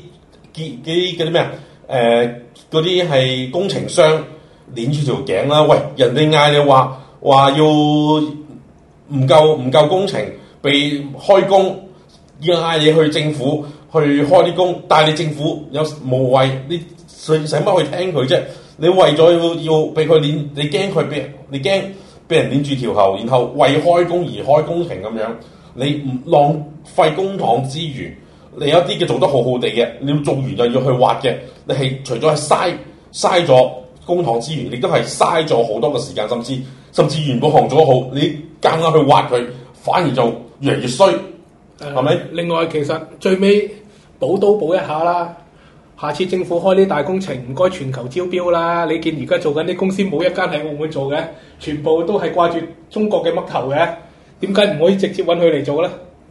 建啲嗰啲咩啊？誒嗰啲係工程商攆住條頸啦！喂，人哋嗌你話話要唔夠唔夠工程被開工，要嗌你去政府。去開啲工，但係你政府有無謂？你使乜去聽佢啫？你為咗要要俾佢碾，你驚佢俾你驚俾人碾住條喉，然後為開工而開工程咁樣，你唔浪費公帑之餘，你有啲嘅做得好好地嘅，你要做完就要去挖嘅，你係除咗係嘥嘥咗公帑資源，你都係嘥咗好多嘅時間，甚至甚至原本行咗好，你夾硬去挖佢，反而就越嚟越衰，係咪、嗯？係咪另外其實最尾。補都補一下啦，下次政府開呢大工程，唔該全球招標啦。你見而家做緊啲公司冇一間喺澳門做嘅，全部都係掛住中國嘅乜頭嘅，點解唔可以直接揾佢嚟做咧？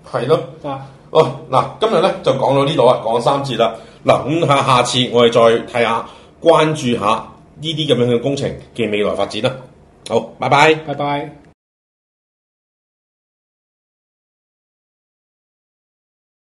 係咯的啊哦嗱，今日咧就講到呢度啊，講三節啦嗱。咁下下次我哋再睇下關注下呢啲咁樣嘅工程嘅未來發展啦。好，拜拜，拜拜。